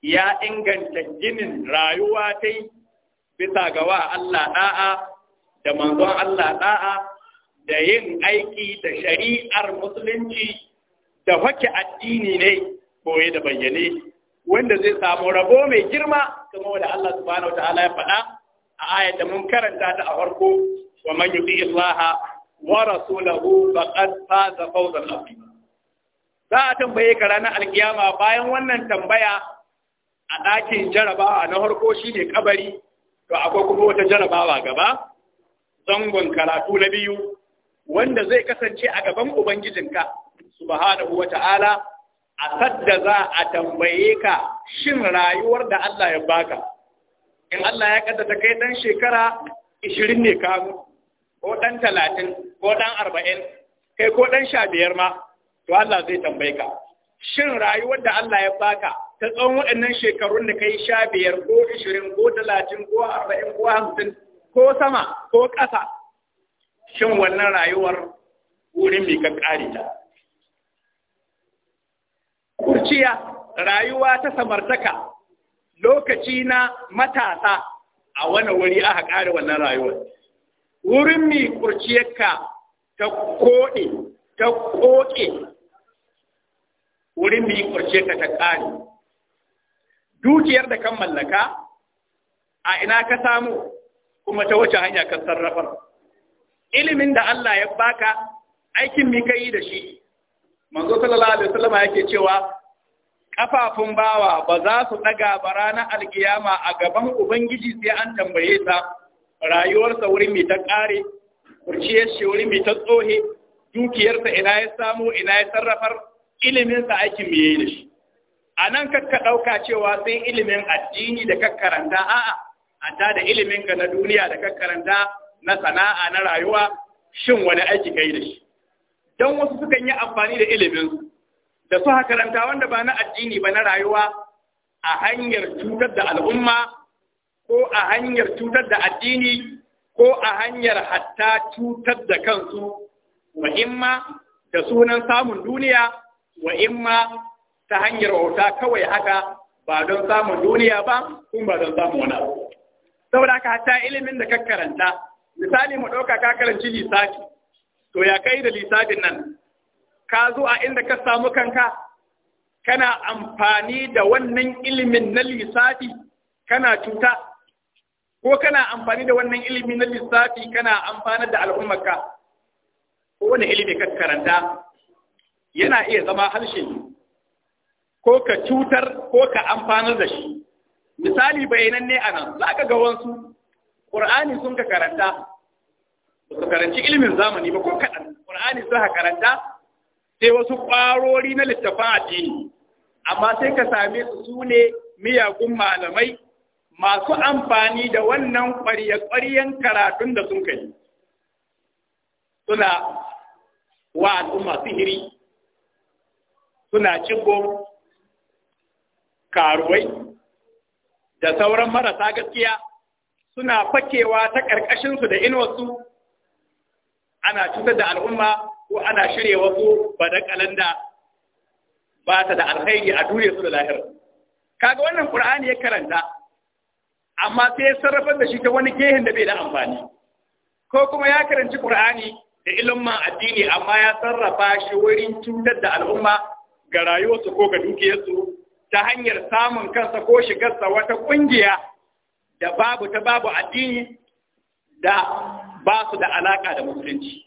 ya inganta ginin rayuwa dai bisa gawa wa Allah da'a da manzon Allah da'a da yin aiki da shari'ar musulunci da fake addini ne koye da bayyane wanda zai samu rabo mai girma kuma wanda Allah subhanahu wataala ya faɗa a ayyadda mun karanta ta a farko wa man yuti Allah wa rasulahu faqad faza fawzan za a tambaye ka ranar alkiyama bayan wannan tambaya a ɗakin jarabawa na harko shi ne kabari to akwai kuma wata jarabawa gaba zangon karatu na biyu wanda zai kasance a gaban ubangijinka subhanahu Ta'ala. a sadda za a tambaye ka shin rayuwar da Allah ya baka in Allah ya kaddata kai dan shekara 20 ne ka ko ɗan talatin ko ɗan arba'in kai ko ɗan sha biyar ma to Allah zai tambaye ka shin rayuwar da Allah ya baka ta tsawon waɗannan shekarun da kai sha biyar ko ishirin ko talatin ko arba'in ko hamsin ko sama ko ƙasa shin wannan rayuwar wurin mai ka ƙare ta kurciya rayuwa ta samartaka lokaci na matasa a wani wuri aka ƙare wannan rayuwar wurin mi kurciyarka ta koɗe ta ƙoƙe wurin mi kurciyarka ta ƙare dukiyar da kan mallaka a ina ka samu kuma ta wace hanya kan sarrafar ilimin da Allah ya baka aikin mi kai da shi manzo sallallahu alaihi wasallama yake cewa ƙafafun bawa ba za su daga barana alkiyama a gaban ubangiji sai an tambaye ta. rayuwarsa wuri mai ta ƙare kurciyar shi wurin mai ta tsohe dukiyarsa ina ya samu ina ya sarrafar iliminsa aikin me da shi a nan kakka ɗauka cewa sai ilimin addini da kakkaranta a'a a ta da ilimin ka na duniya da kakkaranta na sana'a na rayuwa shin wani aiki kai da shi don wasu sukan yi amfani da ilimin da su karanta wanda ba na addini ba na rayuwa a hanyar cutar da al'umma ko a hanyar cutar da addini ko a hanyar hatta cutar da kansu wa imma da sunan samun duniya wa imma ta hanyar wauta kawai haka ba don samun duniya ba kuma ba don samun wani saboda haka hatta ilimin da ka karanta misali mu ɗauka ka karanci lissafi to ya kai da lissafin nan ka zo a inda ka samu kanka kana amfani da wannan ilimin na lissafi kana cuta ko kana amfani da wannan ilimi na lissafi kana amfana da al'ummarka ko wani ilimi ka karanta yana iya zama harshe ko ka cutar ko ka amfanar da shi misali bayanan ne a za ka ga wansu ƙur'ani sun ka karanta ba su karanci ilimin zamani ba ko kaɗan ƙur'ani sun ka karanta sai wasu ƙwarori na littafa addini amma sai ka same su sune miyagun malamai masu amfani da wannan ƙwarya karatun da sun kai suna wa al'umma sihiri suna cibo karuwai da sauran marasa gaskiya suna fakewa ta ƙarƙashinsu da inuwarsu ana cutar da al'umma ko ana shirya wasu ba da ba ta da alkhairi a duniya su da lahir kaga wannan qur'ani ya karanta amma sai ya sarrafa da shi ta wani gehen da bai da amfani ko kuma ya karanci Qur'ani da ilimin addini amma ya sarrafa shi wurin cutar da al'umma ga rayuwarsu ko ga dukiyarsu ta hanyar samun kansa ko shigarsa wata kungiya da babu ta babu addini da ba su da alaka da musulunci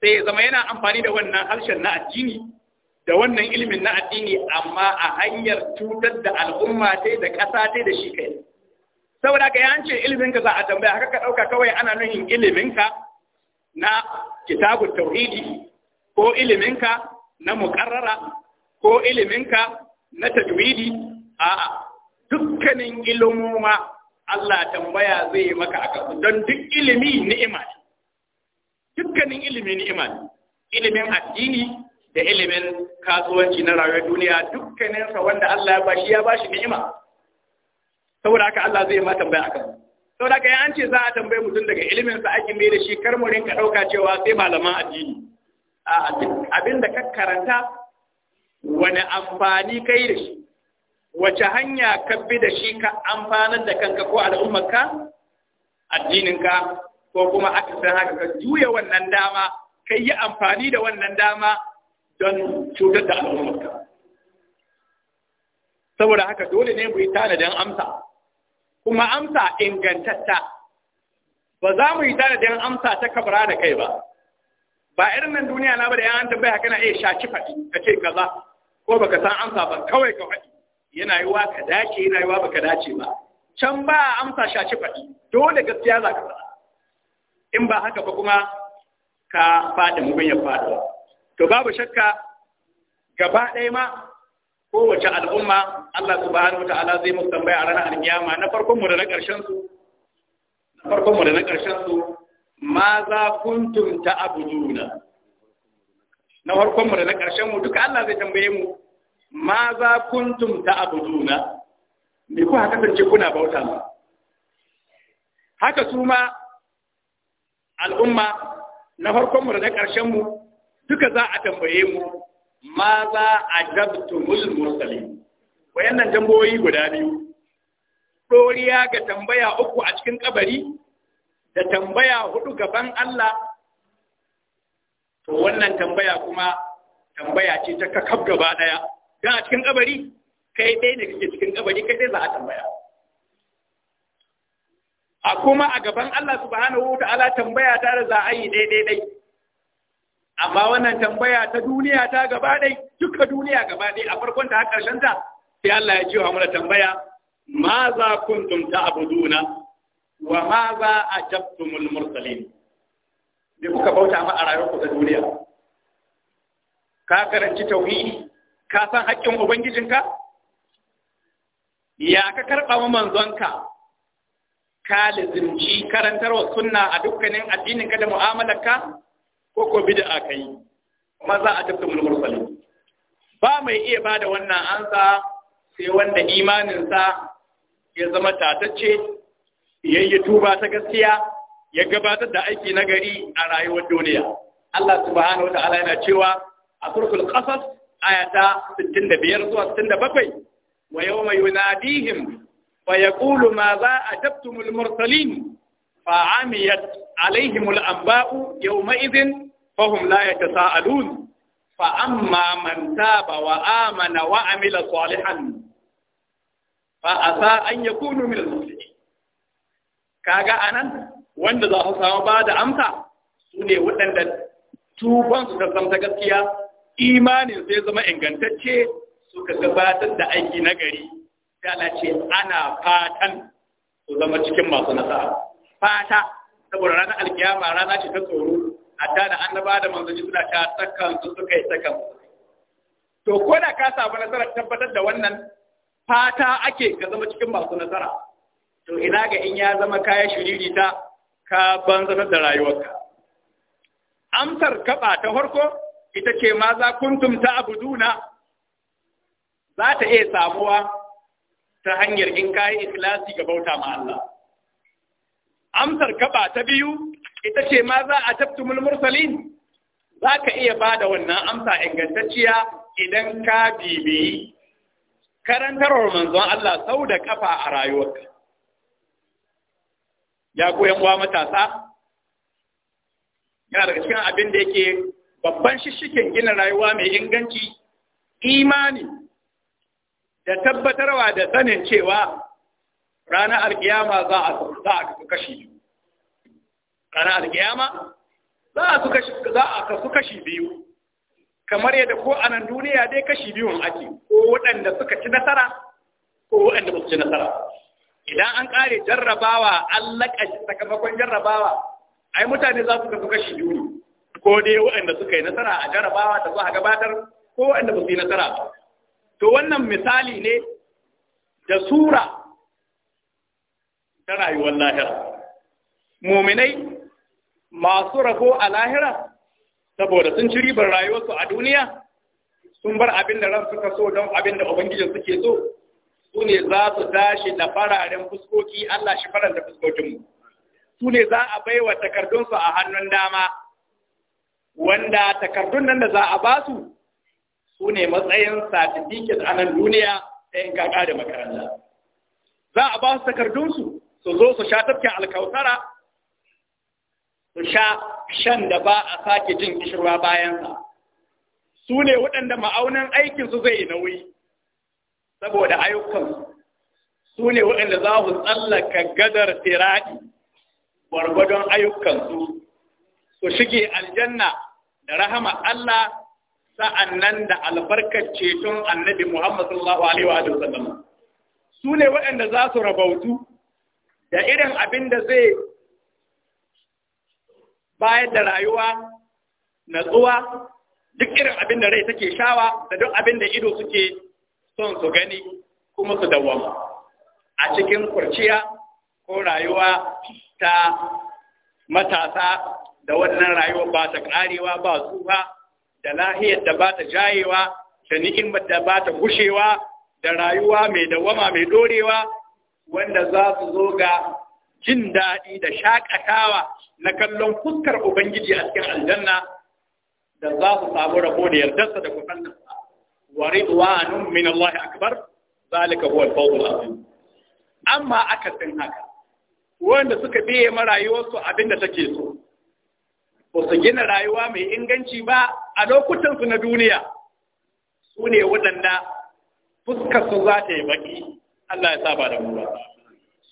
sai ya zama yana amfani da wannan harshen na addini da wannan ilimin na addini amma a hanyar cutar da al'umma ta da ƙasa ta da shi kai saboda ka yance ilimin ka za a tambaya haka ka ɗauka kawai ana nuhin ilimin ka na kitabun tauhidi ko ilimin ka na muƙarrara ko ilimin ka na tajwidi a dukkanin ilimuma Allah tambaya zai maka a don duk ilimi ni'ima dukkanin ilimi ni'ima ilimin addini da ilimin kasuwanci na rayuwar duniya dukkaninsa wanda Allah ya bashi ya bashi ni'ima saboda haka Allah zai ma tambaya akan saboda haka an ce za a tambaye mutum daga ilimin sa ake mai da shi kar mu rinka dauka cewa sai malaman addini a abin da ka karanta wani amfani kai da shi wace hanya ka bi da shi ka amfanar da kanka ko al'ummarka addininka ko kuma akasin haka ka juya wannan dama ka yi amfani da wannan dama don cutar da al'ummarka saboda haka dole ne mu yi tanadin amsa kuma amsa ingantatta ba za mu yi tanadin amsa ta kabara da kai ba ba irin nan duniya na ba da yan tambaya kana iya shaci faɗi ka ce kaza ko baka san amsa ba kawai ka fadi yana yiwa ka dace yana yiwa baka dace ba can ba amsa shaci faɗi dole gaskiya za ka faɗa in ba haka ba kuma ka faɗi mugun ya faɗi to babu shakka gaba ɗaya ma kowace al'umma Allah subhanahu wa ta'ala zai musu tambaya a ranar alkiyama na farkon mu da na ƙarshen su na farkon mu da na ƙarshen su ma za kuntum ta'buduna na farkon mu da na ƙarshen mu duka Allah zai tambaye mu ma za kuntum ta'buduna me ku haka ce kuna bauta ma haka su ma al'umma na farkon mu da na ƙarshen mu duka za a tambaye mu ma za a Dabta mursali wayannan tambayoyi guda biyu doriya ga tambaya uku a cikin kabari da tambaya hudu gaban Allah to wannan tambaya kuma tambaya ce ta kakab gaba daya Don a cikin kabari kai dai ne kake cikin kabari kai dai za a tambaya a kuma a gaban Allah subhanahu wa ta'ala tambaya ta da za a yi dai dai dai amma wannan tambaya ta duniya ta gaba dai duka duniya gaba dai a farkon ta ƙarshen ta sai Allah ya ce wa mana tambaya ma za kuntum ta'buduna wa ma za ajabtumul mursalin me kuka bauta ma a rayuwar ku ta duniya ka karanci tauhidi ka san haƙƙin ubangijinka ya ka karɓa ma manzonka ka karantar karantarwa sunna a dukkanin ka da mu'amalar ka. ko ko bid'a kai kuma za a tafka mulmul ba mai iya bada wannan ansa sai wanda imaninsa ya zama tatacce yayyi tuba ta gaskiya ya gabatar da aiki na gari a rayuwar duniya Allah subhanahu wataala yana cewa a surkul qasas ayata 65 zuwa 67 wa yawma yunadihim fa yaqulu ma za atabtumul mursalin fa'amiyat alaihimul anba'u yawma idhin fahum la yatasaalun fa amma man taba wa amana wa amila salihan fa asa an yakunu min al-muslimin kaga anan wanda za su samu ba da amsa su ne waɗanda tubansu ta samta gaskiya imanin sai zama ingantacce suka gabatar da aiki na gari ta ce ana fatan su zama cikin masu nasa'a. fata saboda ranar alkiyama rana ce ta tsoro ta da annaba da manzanni suna ta tsakan su suka yi tsakan to ko da ka samu nasarar tabbatar da wannan fata ake ka zama cikin masu nasara to ina ga in ya zama kaya shiriri ta ka banzanar da rayuwarka amsar kaba ta farko ita ce ma za kuntum ta abuduna za ta iya samuwa ta hanyar in kayi ikhlasi ga bauta ma Allah amsar kaba ta biyu ita ce ma za a taftu mulmursalin? za ka iya ba da wannan amsa ingantacciya idan ka bibiyi karantarwar manzon Allah sau da kafa a rayuwarka ya koyan uwa matasa yana daga cikin abin da yake babban shishikin gina rayuwa mai inganci imani da tabbatarwa da sanin cewa ranar alkiyama za a za a kasu kashi biyu ranar alkiyama za a su kashi za a kasu kashi biyu kamar yadda ko a nan duniya dai kashi biyun ake ko waɗanda suka ci nasara ko waɗanda ba su ci nasara idan an ƙare jarrabawa an laƙashi sakamakon jarrabawa ai mutane za su kasu kashi biyu ne ko dai waɗanda suka yi nasara a jarrabawa da za a gabatar ko waɗanda ba su yi nasara to wannan misali ne da sura ta rayuwar lahira muminai masu rago a lahira saboda sun ci ribar rayuwarsu a duniya sun bar abin da ran suka so don abin da ubangijin suke so su ne za su tashi da fararen fuskoki Allah shi faranta fuskokinmu su ne za a baiwa takardunsu a hannun dama wanda takardun nan da za a basu su ne matsayin certificate a nan duniya ta kaka da makaranta za a ba su takardunsu su zo su sha tafkin alkautara su sha shan da ba a sake jin kishirwa bayansa su ne waɗanda ma'aunin aikinsu zai nauyi saboda ayyukansu su ne waɗanda za su tsallaka gadar siraɗi gwargwadon ayyukansu su shige aljanna da rahama Allah sa'an nan da albarkar ceton annabi Muhammadu sallallahu Alaihi wa sallam. Su ne waɗanda za su rabautu da irin abin da zai bayar da rayuwa natsuwa duk irin abin da rai take shawa da duk abin da ido suke son su gani kuma su dawama a cikin kurciya ko rayuwa ta matasa da wannan rayuwa ba ta karewa ba ba, da lahiyar da ba ta jayewa da ni'imar da ba ta gushewa da rayuwa mai dawama mai dorewa wanda za su zo ga jin daɗi da shaƙatawa na kallon fuskar Ubangiji a cikin aljanna da za su samu rabo da yardarsa da kusantarsa wa ridwanun min Allah akbar zalika huwa al-fawzul azim amma aka san haka wanda suka biye ma rayuwarsu abinda take so ba su gina rayuwa mai inganci ba a lokutan su na duniya su ne waɗanda fuskar su za ta yi baki Allah ya saba da mu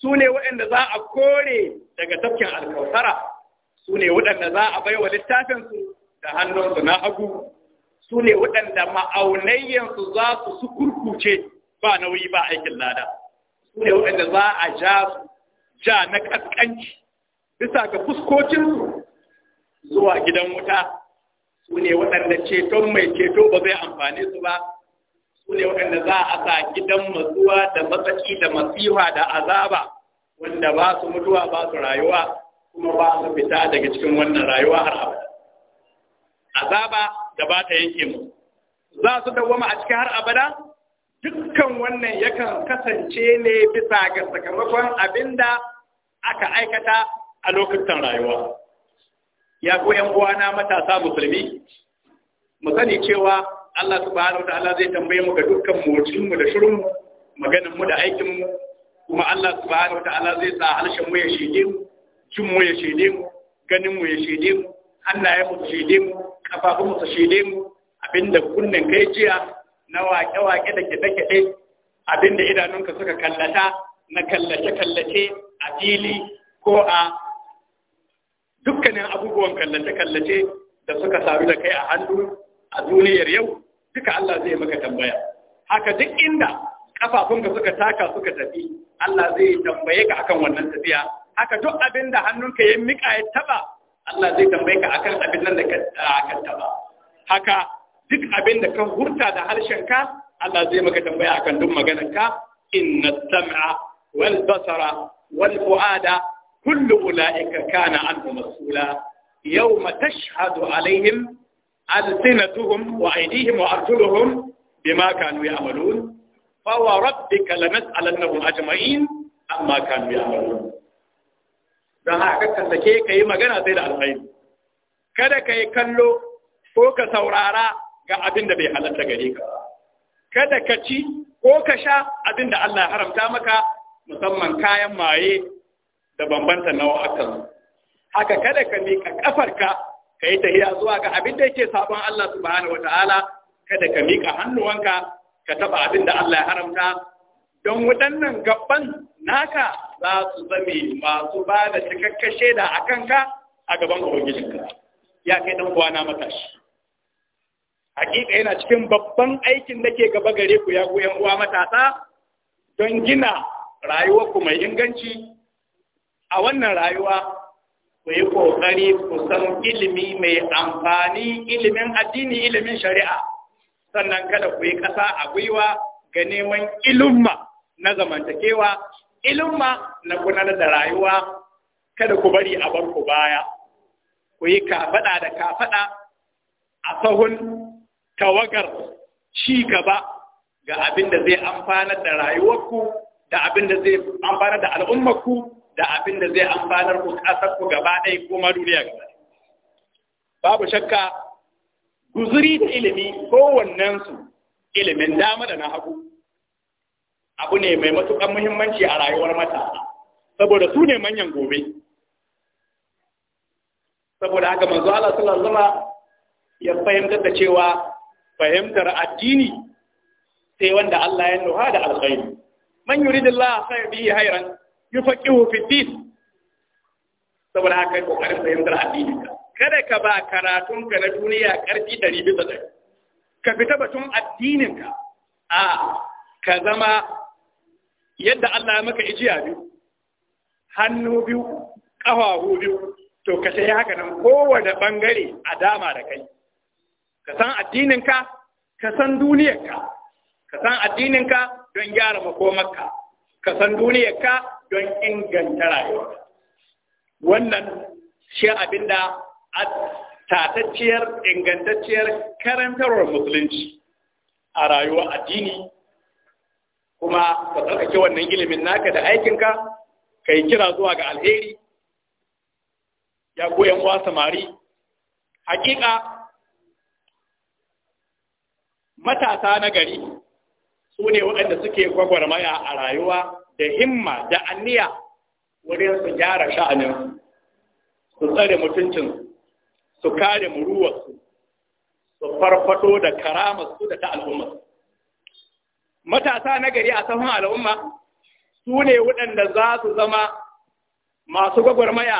su ne waɗanda za a kore daga tafkin alkautara su ne waɗanda za a baiwa littafinsu da hannunsu na hagu su ne waɗanda ma'aunayyansu za su su kurkuce ba nauyi ba aikin lada su ne waɗanda za a ja su ja na ƙasƙanci bisa ga fuskocinsu zuwa gidan wuta su ne waɗanda ceton mai ceto ba zai amfane su ba su ne waɗanda za a sa gidan matsuwa da matsaki da masifa da azaba wanda ba su mutuwa ba su rayuwa kuma ba su fita daga cikin wannan rayuwa har abada azaba da ba ta yanke mu za su dawwama a cikin har abada dukkan wannan yakan kasance ne bisa ga sakamakon abinda aka aikata a lokutan rayuwa ya ko ƴan uwana matasa musulmi mu sani cewa Allah subhanahu wa ta'ala zai tambaye mu ga dukkan motsin da shirin mu maganin mu da aikin mu kuma Allah subhanahu wa ta'ala zai sa halshen mu ya shede mu cin mu ya shede mu ganin mu ya shede mu hannayen mu shede mu kafafun mu shede mu abinda kunnen kai jiya na waƙe-waƙe da kiɗe-kiɗe abinda idanunka suka kallata na kallace-kallace a fili ko a dukkanin abubuwan kallace-kallace da suka sami da kai a hannu a duniyar yau duka Allah zai maka tambaya haka duk inda kafafunka suka taka suka tafi Allah zai tambaye ka akan wannan tafiya haka duk abin da hannunka ya mika ya taba Allah zai tambaye ka akan abin nan da ka taɓa. haka duk abin da ka hurta da harshenka Allah zai maka tambaya akan duk maganarka inna sam'a wal basara wal fuada kullu ulaika kana anhu mas'ula yawma tashhadu alaihim alsinatuhum wa aydihim wa arjuluhum bima kanu ya'malun fa wa rabbika lanas'alannahum ajma'in amma kanu ya'malun dan haka ka sake kai magana sai da alkhairi kada ka yi kallo ko ka saurara ga abin da bai halatta gare ka kada ka ci ko ka sha abin da Allah ya haramta maka musamman kayan maye da bambanta nawa nau'akan haka kada ka miƙa kafarka. ka yi tahiya zuwa ga abin da yake sabon Allah subhanahu Ta'ala, kada ka miƙa hannuwanka ka taɓa abin da Allah ya haramta don waɗannan gaban naka za su zame masu ba da cikakkashe da a kanka a gaban ubangijinka ya kai dan uwana matashi hakika yana cikin babban aikin da ke gaba gare ku ya uwa matasa don gina rayuwarku mai inganci a wannan rayuwa ku yi ƙoƙari ku san ilimi mai amfani ilimin addini ilimin shari'a sannan kada ku yi ƙasa a gwiwa ga neman ilimma na zamantakewa ilimma na gudanar da rayuwa kada ku bari a bar ku baya ku yi kafaɗa da kafaɗa a sahun tawagar ci gaba ga abin da zai amfanar da rayuwarku da abin da zai amfanar da al'ummarku da abin da zai amfanar ku kasar ku gaba ɗaya ko ma duniya gaba babu shakka guzuri da ilimi kowannen su ilimin dama da na hagu abu ne mai matuƙar muhimmanci a rayuwar matasa saboda su ne manyan gobe saboda haka manzo Allah sallallahu alaihi ya fahimtar da cewa fahimtar addini sai wanda Allah ya nuha da alkhairi man yuridillahu khairan bihi yufaqihu fi saboda haka yi kokarin fahimtar addini kada ka ba karatun ka na duniya karfi ɗari ka fita batun addinin ka a ka zama yadda Allah ya maka ijiya biyu hannu biyu ƙafafu biyu to ka sai haka nan kowane bangare a dama da kai ka san addinin ka ka san duniyarka ka san addinin ka don gyara makomarka ka san duniyarka don inganta rayuwa wannan shi da a tatacciyar ingantacciyar karantarwar musulunci a rayuwa addini kuma ka tsarkake wannan ilimin naka da aikinka ka yi kira zuwa ga alheri ya goyon uwa samari hakika matasa na gari su ne waɗanda suke gwagwarmaya a rayuwa da himma da anniya wurin su gyara sha'anin su tsare mutuncin su kare muruwarsu su farfado da karamarsu da ta al'umma matasa na gari a sahun al'umma su ne waɗanda za su zama masu gwagwarmaya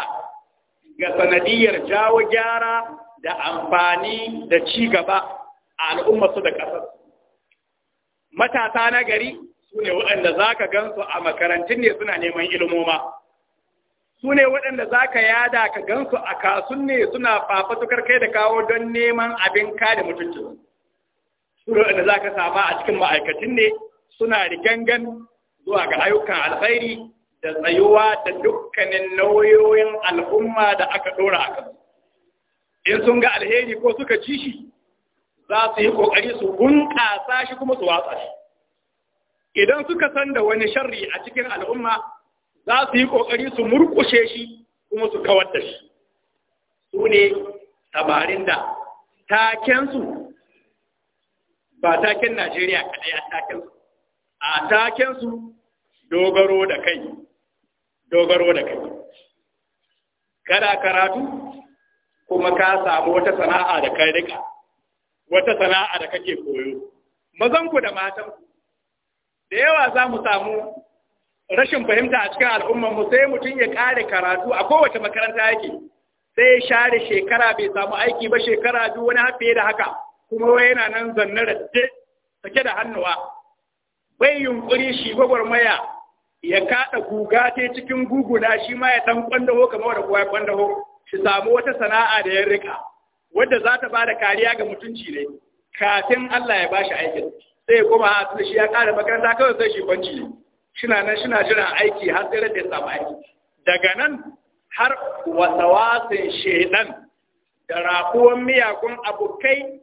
ga sanadiyar jawo gyara da amfani da ci gaba a al'ummarsu da ƙasar. Matasa na gari su ne waɗanda za ka gansu a makarantun ne suna neman ilmoma. su ne waɗanda za ka yada ka gansu a kasun ne suna fafatukar kai da kawo don neman abin ka da mutunci su ne waɗanda za ka sama a cikin ma'aikacin ne suna rigangan zuwa ga ayyukan alkhairi da tsayuwa da dukkanin nauyoyin al'umma da aka ɗora a kan in sun ga alheri ko suka ci shi za su yi ƙoƙari su bunƙasa shi kuma su watsa shi idan suka san da wani sharri a cikin al'umma za su yi ƙoƙari su murƙushe shi kuma su kawar da shi su ne tabarin da takensu ba taken najeriya kaɗai a takensu a takensu dogaro da kai dogaro da kai kada karatu kuma ka samu wata sana'a da kai rika wata sana'a da kake koyo mazanku da matanku da yawa za mu samu rashin fahimta a cikin mu sai mutum ya kare karatu a kowace makaranta yake sai ya share shekara bai samu aiki ba shekara biyu wani hafi da haka kuma wai yana nan zanne radde sake da hannuwa bai yunkuri shi gwagwarmaya ya kada guga ta cikin guguna shi ma ya dan kwandaho kamar da kowa ya kwandaho shi samu wata sana'a da ya rika wadda za ta bada kariya ga mutunci ne kafin Allah ya bashi aikin sai ya koma a shi ya ƙara makaranta kawai sai shi banci ne shina nan shina jiran aiki har sai da samu aiki daga nan har wasawasin shedan da rakuwan miyagun abokai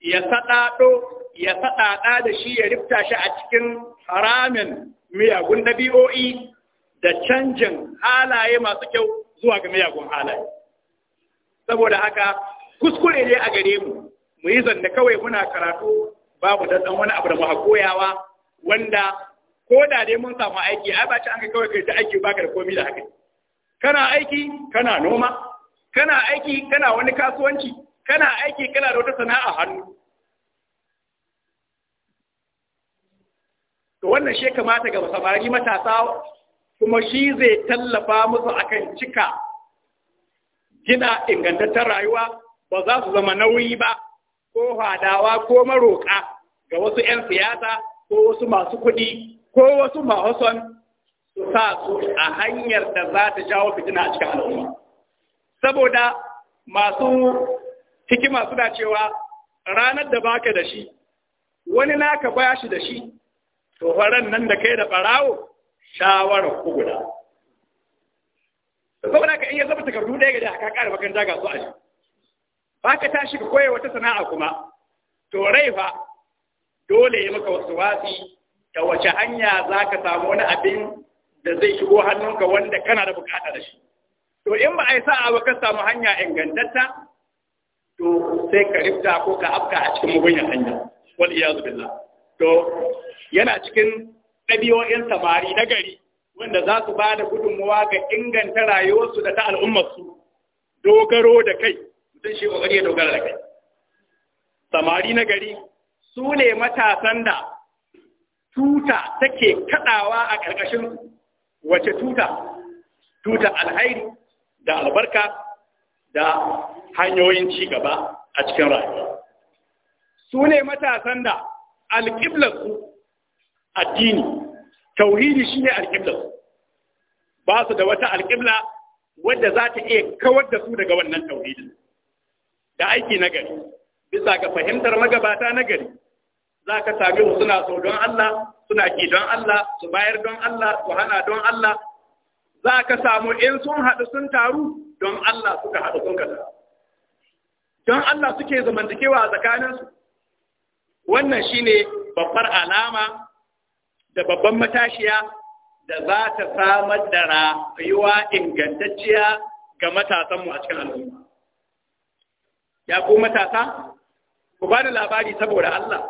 ya saɗaɗo ya saɗaɗa da shi ya rifta shi a cikin haramin miyagun dabi'o'i da canjin halaye masu kyau zuwa ga miyagun halaye saboda haka kuskure ne a gare mu mu yi zanne kawai muna karatu babu da dan wani abu da muka koyawa wanda ko da dai mun samu aiki ai ba ci an kai kawai kai ta aiki baka da komai da haka kana aiki kana noma kana aiki kana wani kasuwanci kana aiki kana da wata sana'a hannu to wannan shi kamata ga samari matasa kuma shi zai tallafa musu akan cika gina ingantaccen rayuwa ba za su zama nauyi ba ko hadawa ko maroƙa ga wasu 'yan siyasa ko wasu masu kuɗi ko wasu mahason su sa su a hanyar da za ta jawo fitina a cikin al'umma saboda masu hikima suna cewa ranar da baka da shi wani naka baya shi da shi to faran nan da kai da barawo shawarar ku guda saboda ka iya zama takardu ɗaya ga da ka ƙara makaranta ga su a shi. ba ka tashi ka koya wata sana'a kuma to rai fa dole ya maka wasu wasi da wace hanya za ka samu wani abin da zai shigo hannunka wanda kana da bukata da shi to in ba a yi sa'a ba ka samu hanya ingantatta to sai ka rifta ko ka afka a cikin mugunyar hanya wal iyazu billah to yana cikin ɗabi'o'in samari na gari wanda za su ba da gudunmawa ga inganta rayuwarsu da ta al'ummarsu dogaro da kai zai shi kokari ya dogara da kai samari na gari su ne matasan da tuta take kadawa a ƙarƙashin wace tuta tuta alhairi da albarka da hanyoyin ci gaba a cikin rayuwa su ne matasan da alƙiblarsu addini tauhidi shi ne alƙiblarsu ba su da wata alƙibla wadda za ta iya kawar da su daga wannan tauhidin da aiki na gari bisa ga fahimtar magabata na gari za ka sami su suna so don Allah suna ki don Allah su bayar don Allah su hana don Allah za ka samu in sun haɗu sun taru don Allah suka haɗu sun kasa don Allah suke zamantakewa a tsakaninsu wannan shine babbar alama da babban matashiya da za ta samar da rayuwa ingantacciya ga matasanmu a cikin al'umma ya ko matasa ku ba da labari saboda Allah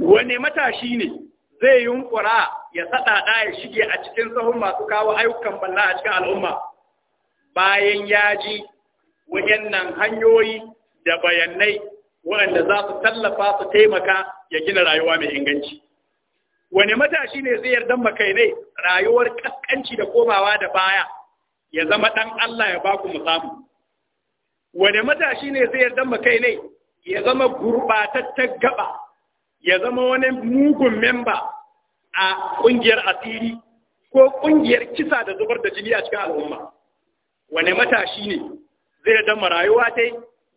wanne matashi ne zai yunkura ya saɗaɗa ya shige a cikin sahun masu kawo ayyukan balla a cikin al'umma bayan ya ji wayannan hanyoyi da bayanai waɗanda za su tallafa su taimaka ya gina rayuwa mai inganci wani matashi ne zai yarda makai ne rayuwar kaskanci da komawa da baya ya zama 'dan Allah ya baku mu samu wane matashi ne zai yarda ma kai ne ya zama gurɓatattar gaba ya zama wani mugun memba a ƙungiyar asiri ko ƙungiyar kisa da zubar da jini a cikin al'umma wane matashi ne zai yarda ma rayuwa yi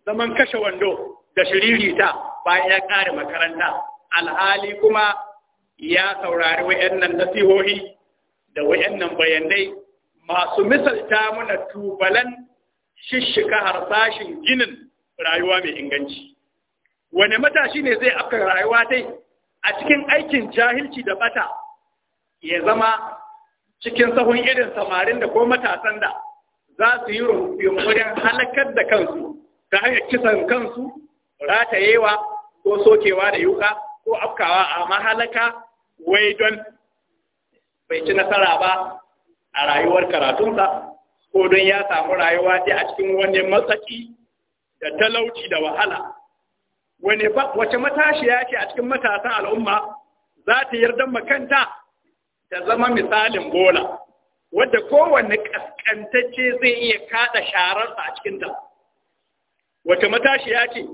zaman kashe wando da shiririta bayan ya ƙare makaranta alhali kuma ya saurari wayannan nasihohi da wayannan bayanai masu misalta mana tubalan shishika harsashin ginin rayuwa mai inganci wane matashi ne zai afka rayuwa dai a cikin aikin jahilci da bata ya zama cikin sahun irin samarin da ko matasan da za su yi yunkurin halakar da kansu ta hanyar kisan kansu ratayewa ko sokewa da yuka ko afkawa a mahalaka wai don bai ci nasara ba a rayuwar karatunsa ko don ya samu rayuwa dai a cikin wani matsaki da talauci da wahala wani wace matashiya ce a cikin matasan al'umma za ta yarda kanta ta zama misalin bola wadda kowanne kaskantacce zai iya kada shararsa a cikin cikinta wace matashiya ce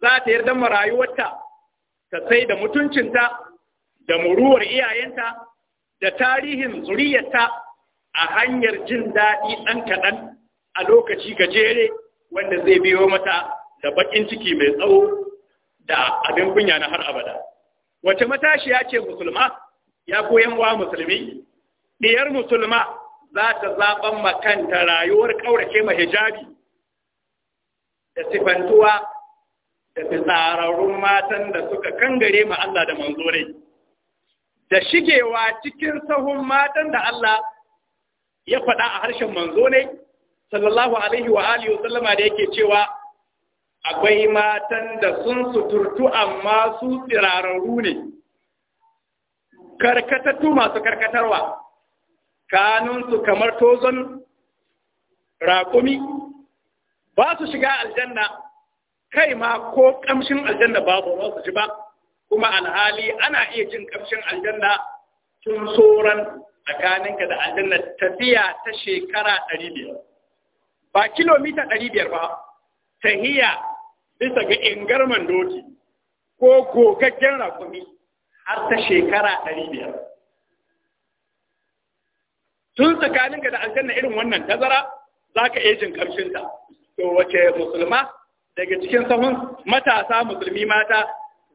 za ta yarda ma rayuwarta ta sai da mutuncinta da muruwar iyayenta da tarihin zuriyarta a hanyar jin daɗi ɗan kaɗan a lokaci gajere wanda zai biyo mata da baƙin ciki mai tsawo da abin kunya na har abada. Wace matashiya ce musulma ya koyan wa musulmi? Ɗiyar musulma za ta zaɓan makanta rayuwar ƙaurake ma hijabi da sifantuwa da fitsararrun matan da suka kangare ma Allah da manzo da shigewa cikin sahun matan da Allah ya faɗa a harshen manzo ne sallallahu alaihi wa alihi wa sallama da yake cewa akwai matan da sun suturtu amma su tsirararru ne karkatattu masu karkatarwa kanunsu kamar tozon raƙumi ba su shiga aljanna kai ma ko ƙamshin aljanna babu ba su ji ba kuma alhali ana iya jin ƙamshin aljanna tun tsoron tsakaninka da aljanna tafiya ta shekara ɗari ba kilomita ɗari ba tahiya bisa ga ingarman doki ko gogaggen rakumi har ta shekara ɗari tun tsakaninka da aljanna irin wannan tazara za ka iya jin ta, to wace musulma daga cikin sahun matasa musulmi mata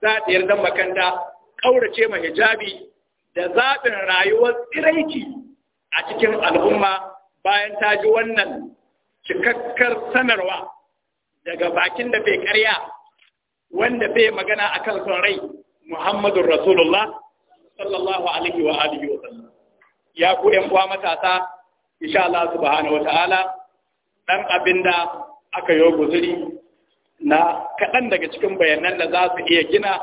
za ta yarda makanta ƙaurace ma hijabi da zaɓin rayuwar tsiraici a cikin al'umma bayan ta ji wannan cikakkar sanarwa daga bakin da bai karya wanda bai magana a kan son rai Muhammadun Rasulullah sallallahu alaihi wa alihi wa sallam ya ku ƴan uwa matasa insha Allah subhanahu wataala dan abinda aka yi guzuri na kaɗan daga cikin bayanan da za su iya gina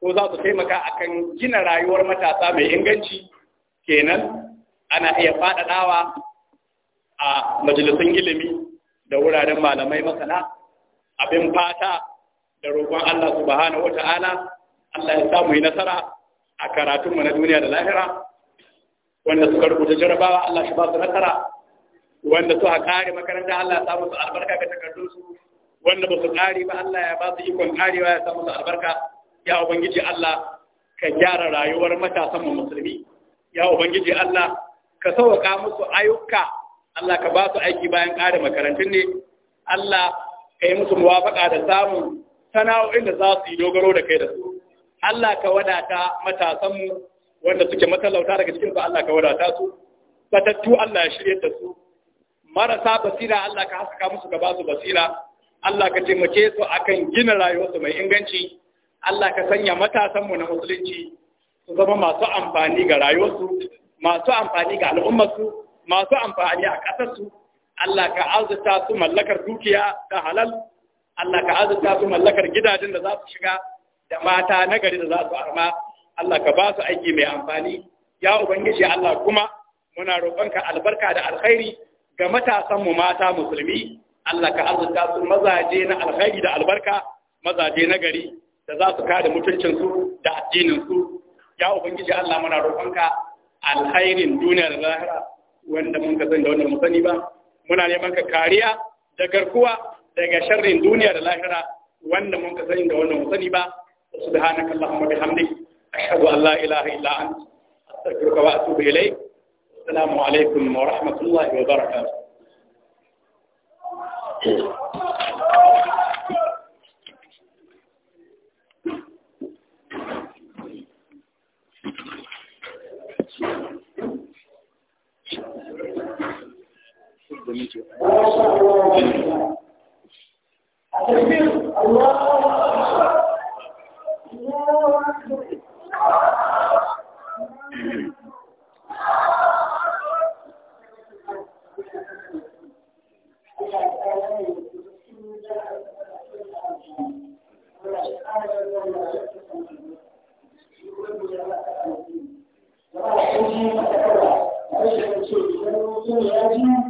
ko za su taimaka a kan gina rayuwar matasa mai inganci kenan ana iya faɗaɗawa a majalisun ilimi da wuraren malamai masana abin fata da roƙon Allah subhanahu wata'ala Allah ya samu yi nasara a karatunmu na duniya da lahira wanda suka rubuta jarabawa Allah shi ba su nasara wanda suka kare makaranta Allah ya samu su albarka ga takardunsu wanda ba su kare ba Allah ya ba su ikon karewa ya samu su albarka ya ubangiji Allah ka gyara rayuwar matasan musulmi ya ubangiji Allah ka sauka musu ayyuka Allah ka ba su aiki bayan ƙare makarantun ne Allah ka yi musu muwafaka da samun sana'o'in da za su yi dogaro da kai da su Allah ka wadata matasanmu wanda suke matalauta daga cikin su Allah ka wadata su batattu Allah ya shirye da su marasa basira Allah ka haska musu ka su basira Allah ka taimake su akan gina rayuwarsu mai inganci Allah ka sanya matasanmu na musulunci su zama masu amfani ga rayuwarsu masu amfani ga al'ummarsu masu amfani a ƙasarsu Allah ka azuta su mallakar dukiya ta halal Allah ka azuta su mallakar gidajen da za su shiga da mata na gari da za su arma Allah ka ba su aiki mai amfani ya ubangiji Allah kuma muna roƙonka albarka da alkhairi ga matasanmu mata musulmi Allah ka azuta su mazaje na alkhairi da albarka mazaje na gari da za su kare mutuncinsu da addininsu ya ubangiji Allah muna roƙonka alkhairin duniya da lahira wanda mun ka san da wanda mun sani ba muna neman ka kariya da garkuwa daga sharrin duniya da lahira wanda mun ka san da wanda mun sani ba subhanaka allahumma bihamdik ashhadu an la ilaha illa ant astaghfiruka wa atubu ilayk assalamu alaikum wa rahmatullahi wa barakatuh komi ce Thank you.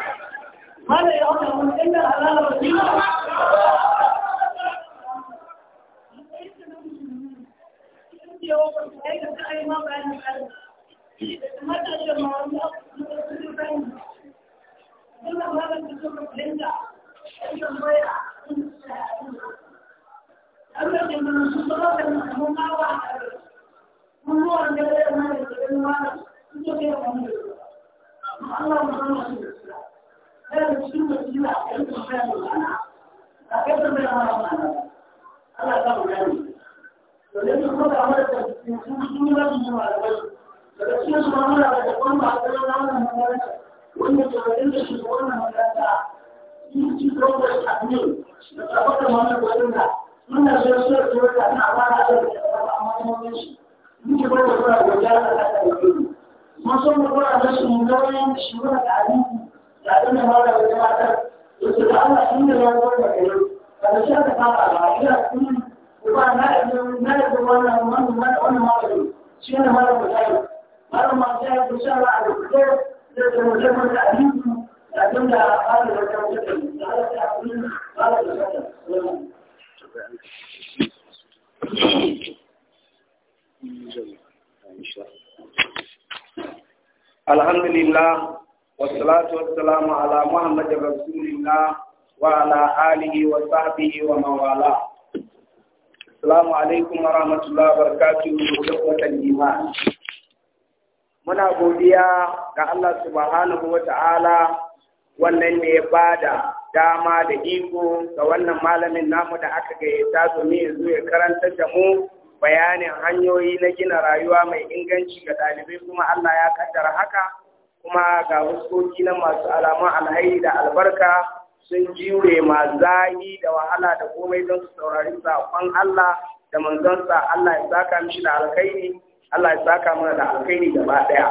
Allah ya rahama mu. Allah ya rahama mu. kayan sunna suna a da ma'ana ne da mara sun cikin su ma mara da kuma ba da wannan makaranta wanda ke da shi wannan makaranta shi ci wannan shi da mun wani da abin لكن هذا الجماعة يستطيعون أن يكونوا مكانين فالشيء تفاعل على كل وما ما يدور ما من ما أنا ما أدري شيء أنا ما أدري ما ما جاء إن شاء الله على الكتاب لكن مجمع التعليم لكن لا هذا مجمع التعليم هذا التعليم هذا التعليم الحمد لله والصلاة والسلام على محمد رسول الله وعلى آله وصحبه ومن والاه السلام عليكم ورحمة الله وبركاته إخوة الإيمان muna godiya ga Allah subhanahu wa ta'ala wannan da ya bada dama da iko ga wannan malamin namu da aka gayyata domin ya zo ya karanta da mu bayanin hanyoyi na gina rayuwa mai inganci ga ɗalibai kuma Allah ya kaddara haka kuma ga wasoki na masu alamun alhairi da albarka sun jure ma zahi da wahala da komai don su saurari saƙon Allah da manzansa Allah ya saka mishi da alkhairi Allah ya saka mana da alkhairi gaba daya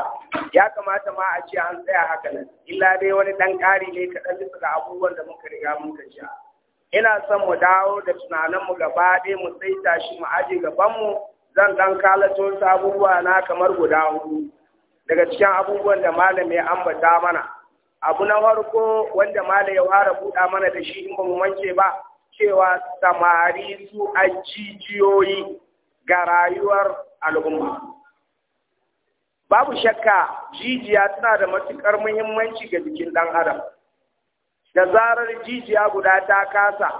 ya kamata ma a ce an tsaya haka nan illa dai wani ɗan ƙari ne kaɗan bisa ga abubuwan da muka riga muka ji ina son mu dawo da tunaninmu gaba ɗaya mu saita shi mu aje gabanmu zan dan kalato abubuwa na kamar guda hudu daga cikin abubuwan da malam ya ambata mana abu na farko wanda malam ya fara buɗa mana da shi in ba mu wanke ba cewa samari su ajijiyoyi ga rayuwar al'umma babu shakka jijiya tana da matuƙar muhimmanci ga jikin ɗan adam da zarar jijiya guda ta kasa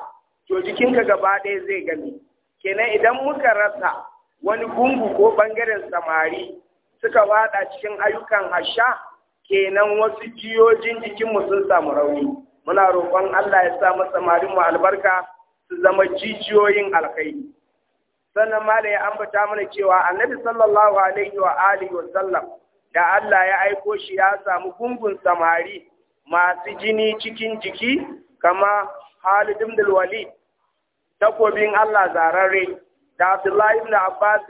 to jikinka gaba ɗaya zai gani kenan idan muka rasa wani gungu ko ɓangaren samari suka wada cikin ayyukan hasha kenan wasu jiyojin jikinmu sun samu rauni muna roƙon Allah ya sa masa mu albarka su zama jijiyoyin alkhairi sannan malai ya ambata mana cewa annabi sallallahu alaihi wa alihi wa sallam da Allah ya aiko shi ya samu gungun samari masu jini cikin jiki kama Khalid ibn Walid takobin Allah zararre da Abdullahi ibn Abbas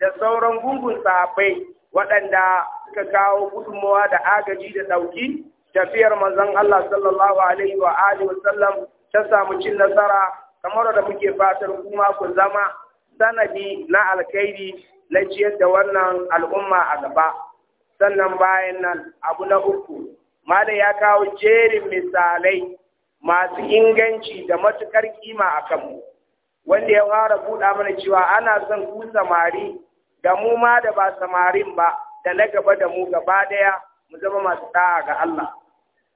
da sauran gungun sahabbai waɗanda suka kawo gudunmawa da agaji da ɗauki tafiyar manzon Allah sallallahu alaihi wa alihi wasallam ta samu cin nasara kamar da muke fatar kuma ku zama sanadi na alkhairi na ciyar da wannan al'umma a gaba sannan bayan nan abu na uku mala ya kawo jerin misalai masu inganci da matukar kima a kanmu wanda ya fara buɗa mana cewa ana son ku samari da mu ma da ba samarin ba da na gaba da mu gaba daya mu zama masu ta'a ga Allah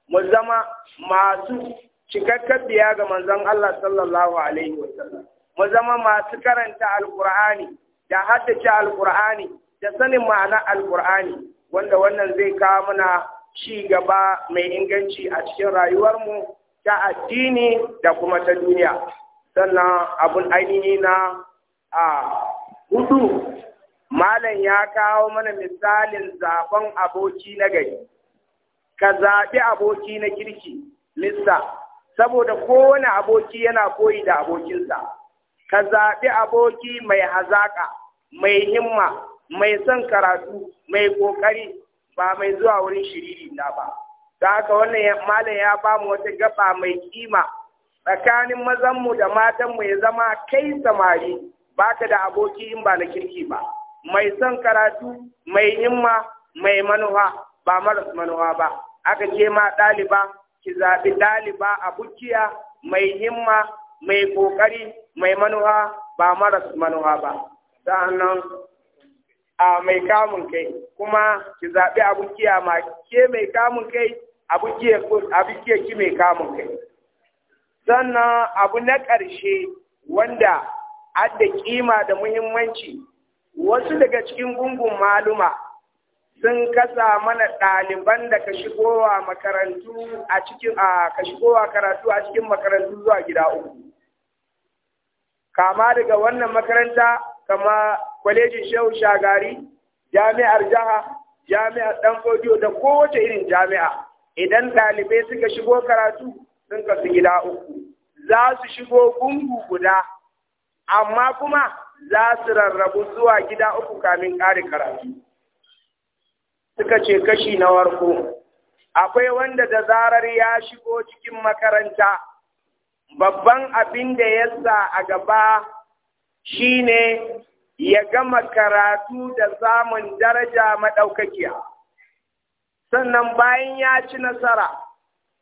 mu zama masu cikakken biya ga manzon Allah sallallahu alaihi wasallam mu zama masu karanta alqur'ani da haddace alqur'ani da sanin ma'ana alqur'ani wanda wannan zai kawo mana ci gaba mai inganci a cikin rayuwarmu ta addini da kuma ta duniya sannan abun ainihi na a hudu Malam ya kawo mana misalin zaben aboki na gari, ka zaɓi aboki na kirki, lissa, saboda kowane aboki yana koyi da abokinsa, ka zaɓi aboki mai hazaƙa, mai himma, mai son karatu, mai ƙoƙari, ba mai zuwa wurin shiriri na ba. Ta haka wannan malam ya ba mu wata gaba mai kima tsakanin mazanmu da matanmu ya zama kai samari, baka da aboki in ba na kirki ba. mai son karatu mai himma mai manuwa ba maras manuwa ba aka ce ma ɗaliba ki zaɓi ɗaliba a bukiya mai himma mai ƙoƙari mai manuwa ba maras manuwa ba sa'annan a mai kamun kai kuma ki zaɓi a bukiya ma ke mai kamun kai a bukiya ki mai kamun kai sannan abu na ƙarshe wanda adda kima da muhimmanci wasu daga cikin gungun maluma sun kasa mana ɗaliban da ka shigowa makarantu a cikin a ka shigowa karatu a cikin makarantu zuwa gida uku kama daga wannan makaranta kama kwalejin shehu shagari jami'ar jiha jami'ar dan fodiyo da kowace irin jami'a idan ɗalibai suka shigo karatu sun kasu gida uku za su shigo gungu guda amma kuma za su rarrabu zuwa gida uku kamin ƙari karatu suka ce kashi na warko akwai wanda da zarar ya shigo cikin makaranta babban abin da ya sa a gaba shi ne ya gama karatu da samun daraja maɗaukakiya sannan bayan ya ci nasara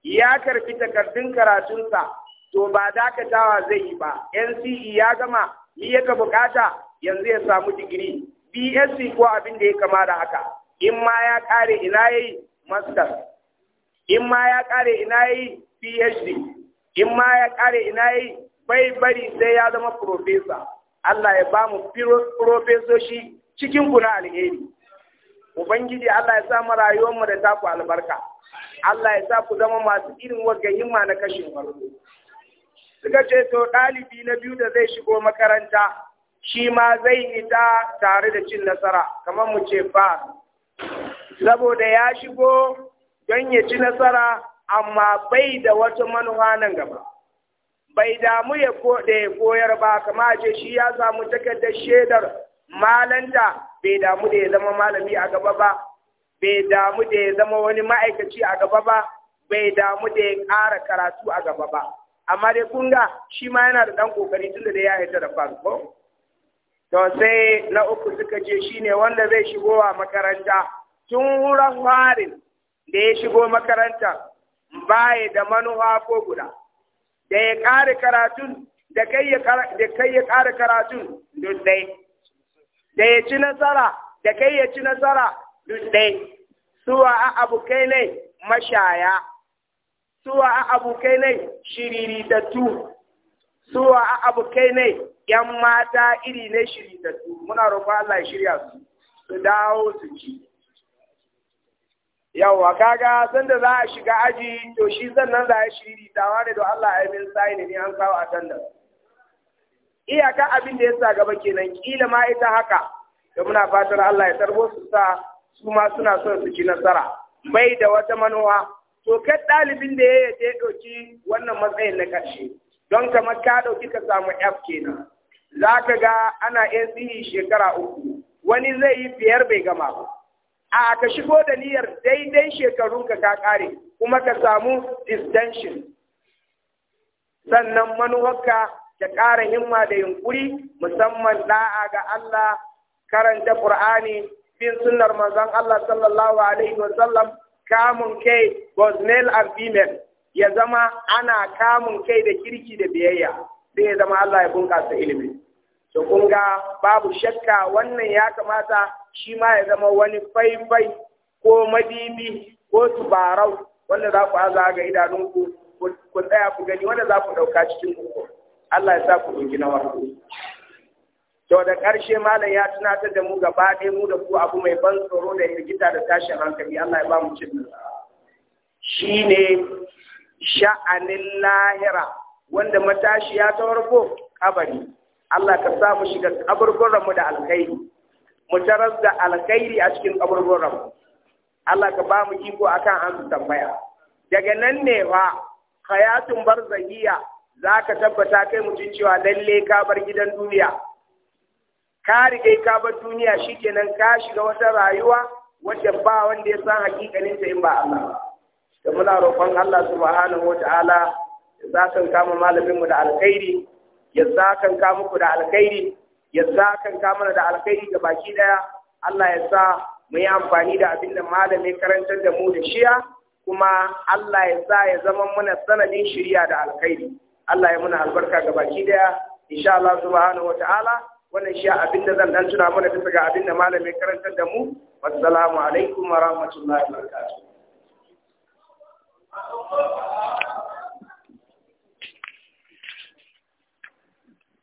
ya karfi takardun karatunsa to ba dakatawa zai yi ba nce ya gama ni yake bukata yanzu ya samu digiri BSc ko abin da ya kama da haka in ma ya kare ina yi master in ma ya kare ina yi PhD in ma ya kare ina yi bai bari sai ya zama professor Allah ya ba mu profesoshi cikin kuna alheri Ubangiji Allah ya sa mu rayuwar mu da taku albarka Allah ya sa ku zama masu irin wagga himma na kashin farko suka ce to ɗalibi na biyu da zai shigo makaranta shi ma zai ita tare da cin nasara kamar mu ce ba saboda ya shigo don ya ci nasara amma bai da wata manuwa nan gaba bai damu ya koyar ba kama ce shi ya samu takardar shaidar malanta bai damu da ya zama malami a gaba ba bai damu da ya zama wani ma'aikaci a gaba ba bai damu da ya ƙara karatu a gaba ba amma dai kun ga shi ma yana da ɗan kokari tun da ya aita da farko to sai na uku suka ce shine wanda zai shigo a makaranta tun wurin farin da ya shigo makaranta baya da manuwa ko guda da ya ƙara karatun da kai ya ƙara karatun duk da ya ci nasara da kai ya ci nasara suwa a abu kai ne mashaya suwa a abokai ne shiriritattu suwa a abokai ne yan mata iri ne shiriritattu muna roƙon Allah ya shirya su su dawo su ci yawa kaga sanda za a shiga aji to shi sannan za a shiriritawa ne don Allah ya min sai ne an kawo a tanda iyaka abin da ya sa gaba kenan kila ma ita haka da muna fatar Allah ya tarbo su sa su ma suna son su ci nasara bai da wata manowa to kai ɗalibin da ya yi ya ɗauki wannan matsayin na ƙarshe don kamar ka ɗauki ka samu F kenan za ka ga ana yan shekara uku wani zai yi biyar bai gama ba a ka shigo da niyyar daidai shekarun ka ka ƙare kuma ka samu distinction sannan manuwarka ka ƙara himma da yunƙuri musamman da'a ga Allah karanta Qur'ani bin sunnar manzon Allah sallallahu alaihi wa kamun kai both male and female ya zama ana kamun kai da kirki da biyayya sai ya zama Allah ya bunƙasa ilimi to kun ga babu shakka wannan ya kamata shi ma ya zama wani faifai ko madimi ko tubarau wanda za ku aza ga idanunku ku tsaya ku gani wanda za ku ɗauka cikin ku Allah ya sa ku ɗauki na warko To da ƙarshe malam ya tunatar da mu gaba ɗaya mu da ku abu mai ban tsoro da firgita da tashin hankali Allah ya ba mu cikin Shi ne sha'anin lahira wanda matashi ya ta farko kabari. Allah ka sa mu shiga kaburburan mu da alkhairi. Mu taras da alkhairi a cikin kaburburan mu. Allah ka ba mu iko akan an tambaya. Daga nan ne fa hayatun barzahiya za ka tabbata kai mutuncewa cewa lalle ka bar gidan duniya. ka riga ka bar duniya shikenan ka shiga wata rayuwa wacce ba wanda ya san hakikanin ta in ba Allah da muna roƙon Allah subhanahu wataala ya zakan kama malamin mu da alkhairi ya zakan kama muku da alkhairi ya zakan kama da alkhairi ga baki daya Allah ya sa mu yi amfani da abin da malamin karantar da mu da shiya kuma Allah ya sa ya zama muna sanadin shirya da alkhairi Allah ya muna albarka ga baki daya insha Allah subhanahu wataala wannan shi abin da zan dan tuna mana bisa ga abin da malamin karantar da mu assalamu alaikum wa rahmatullahi wa barakatuh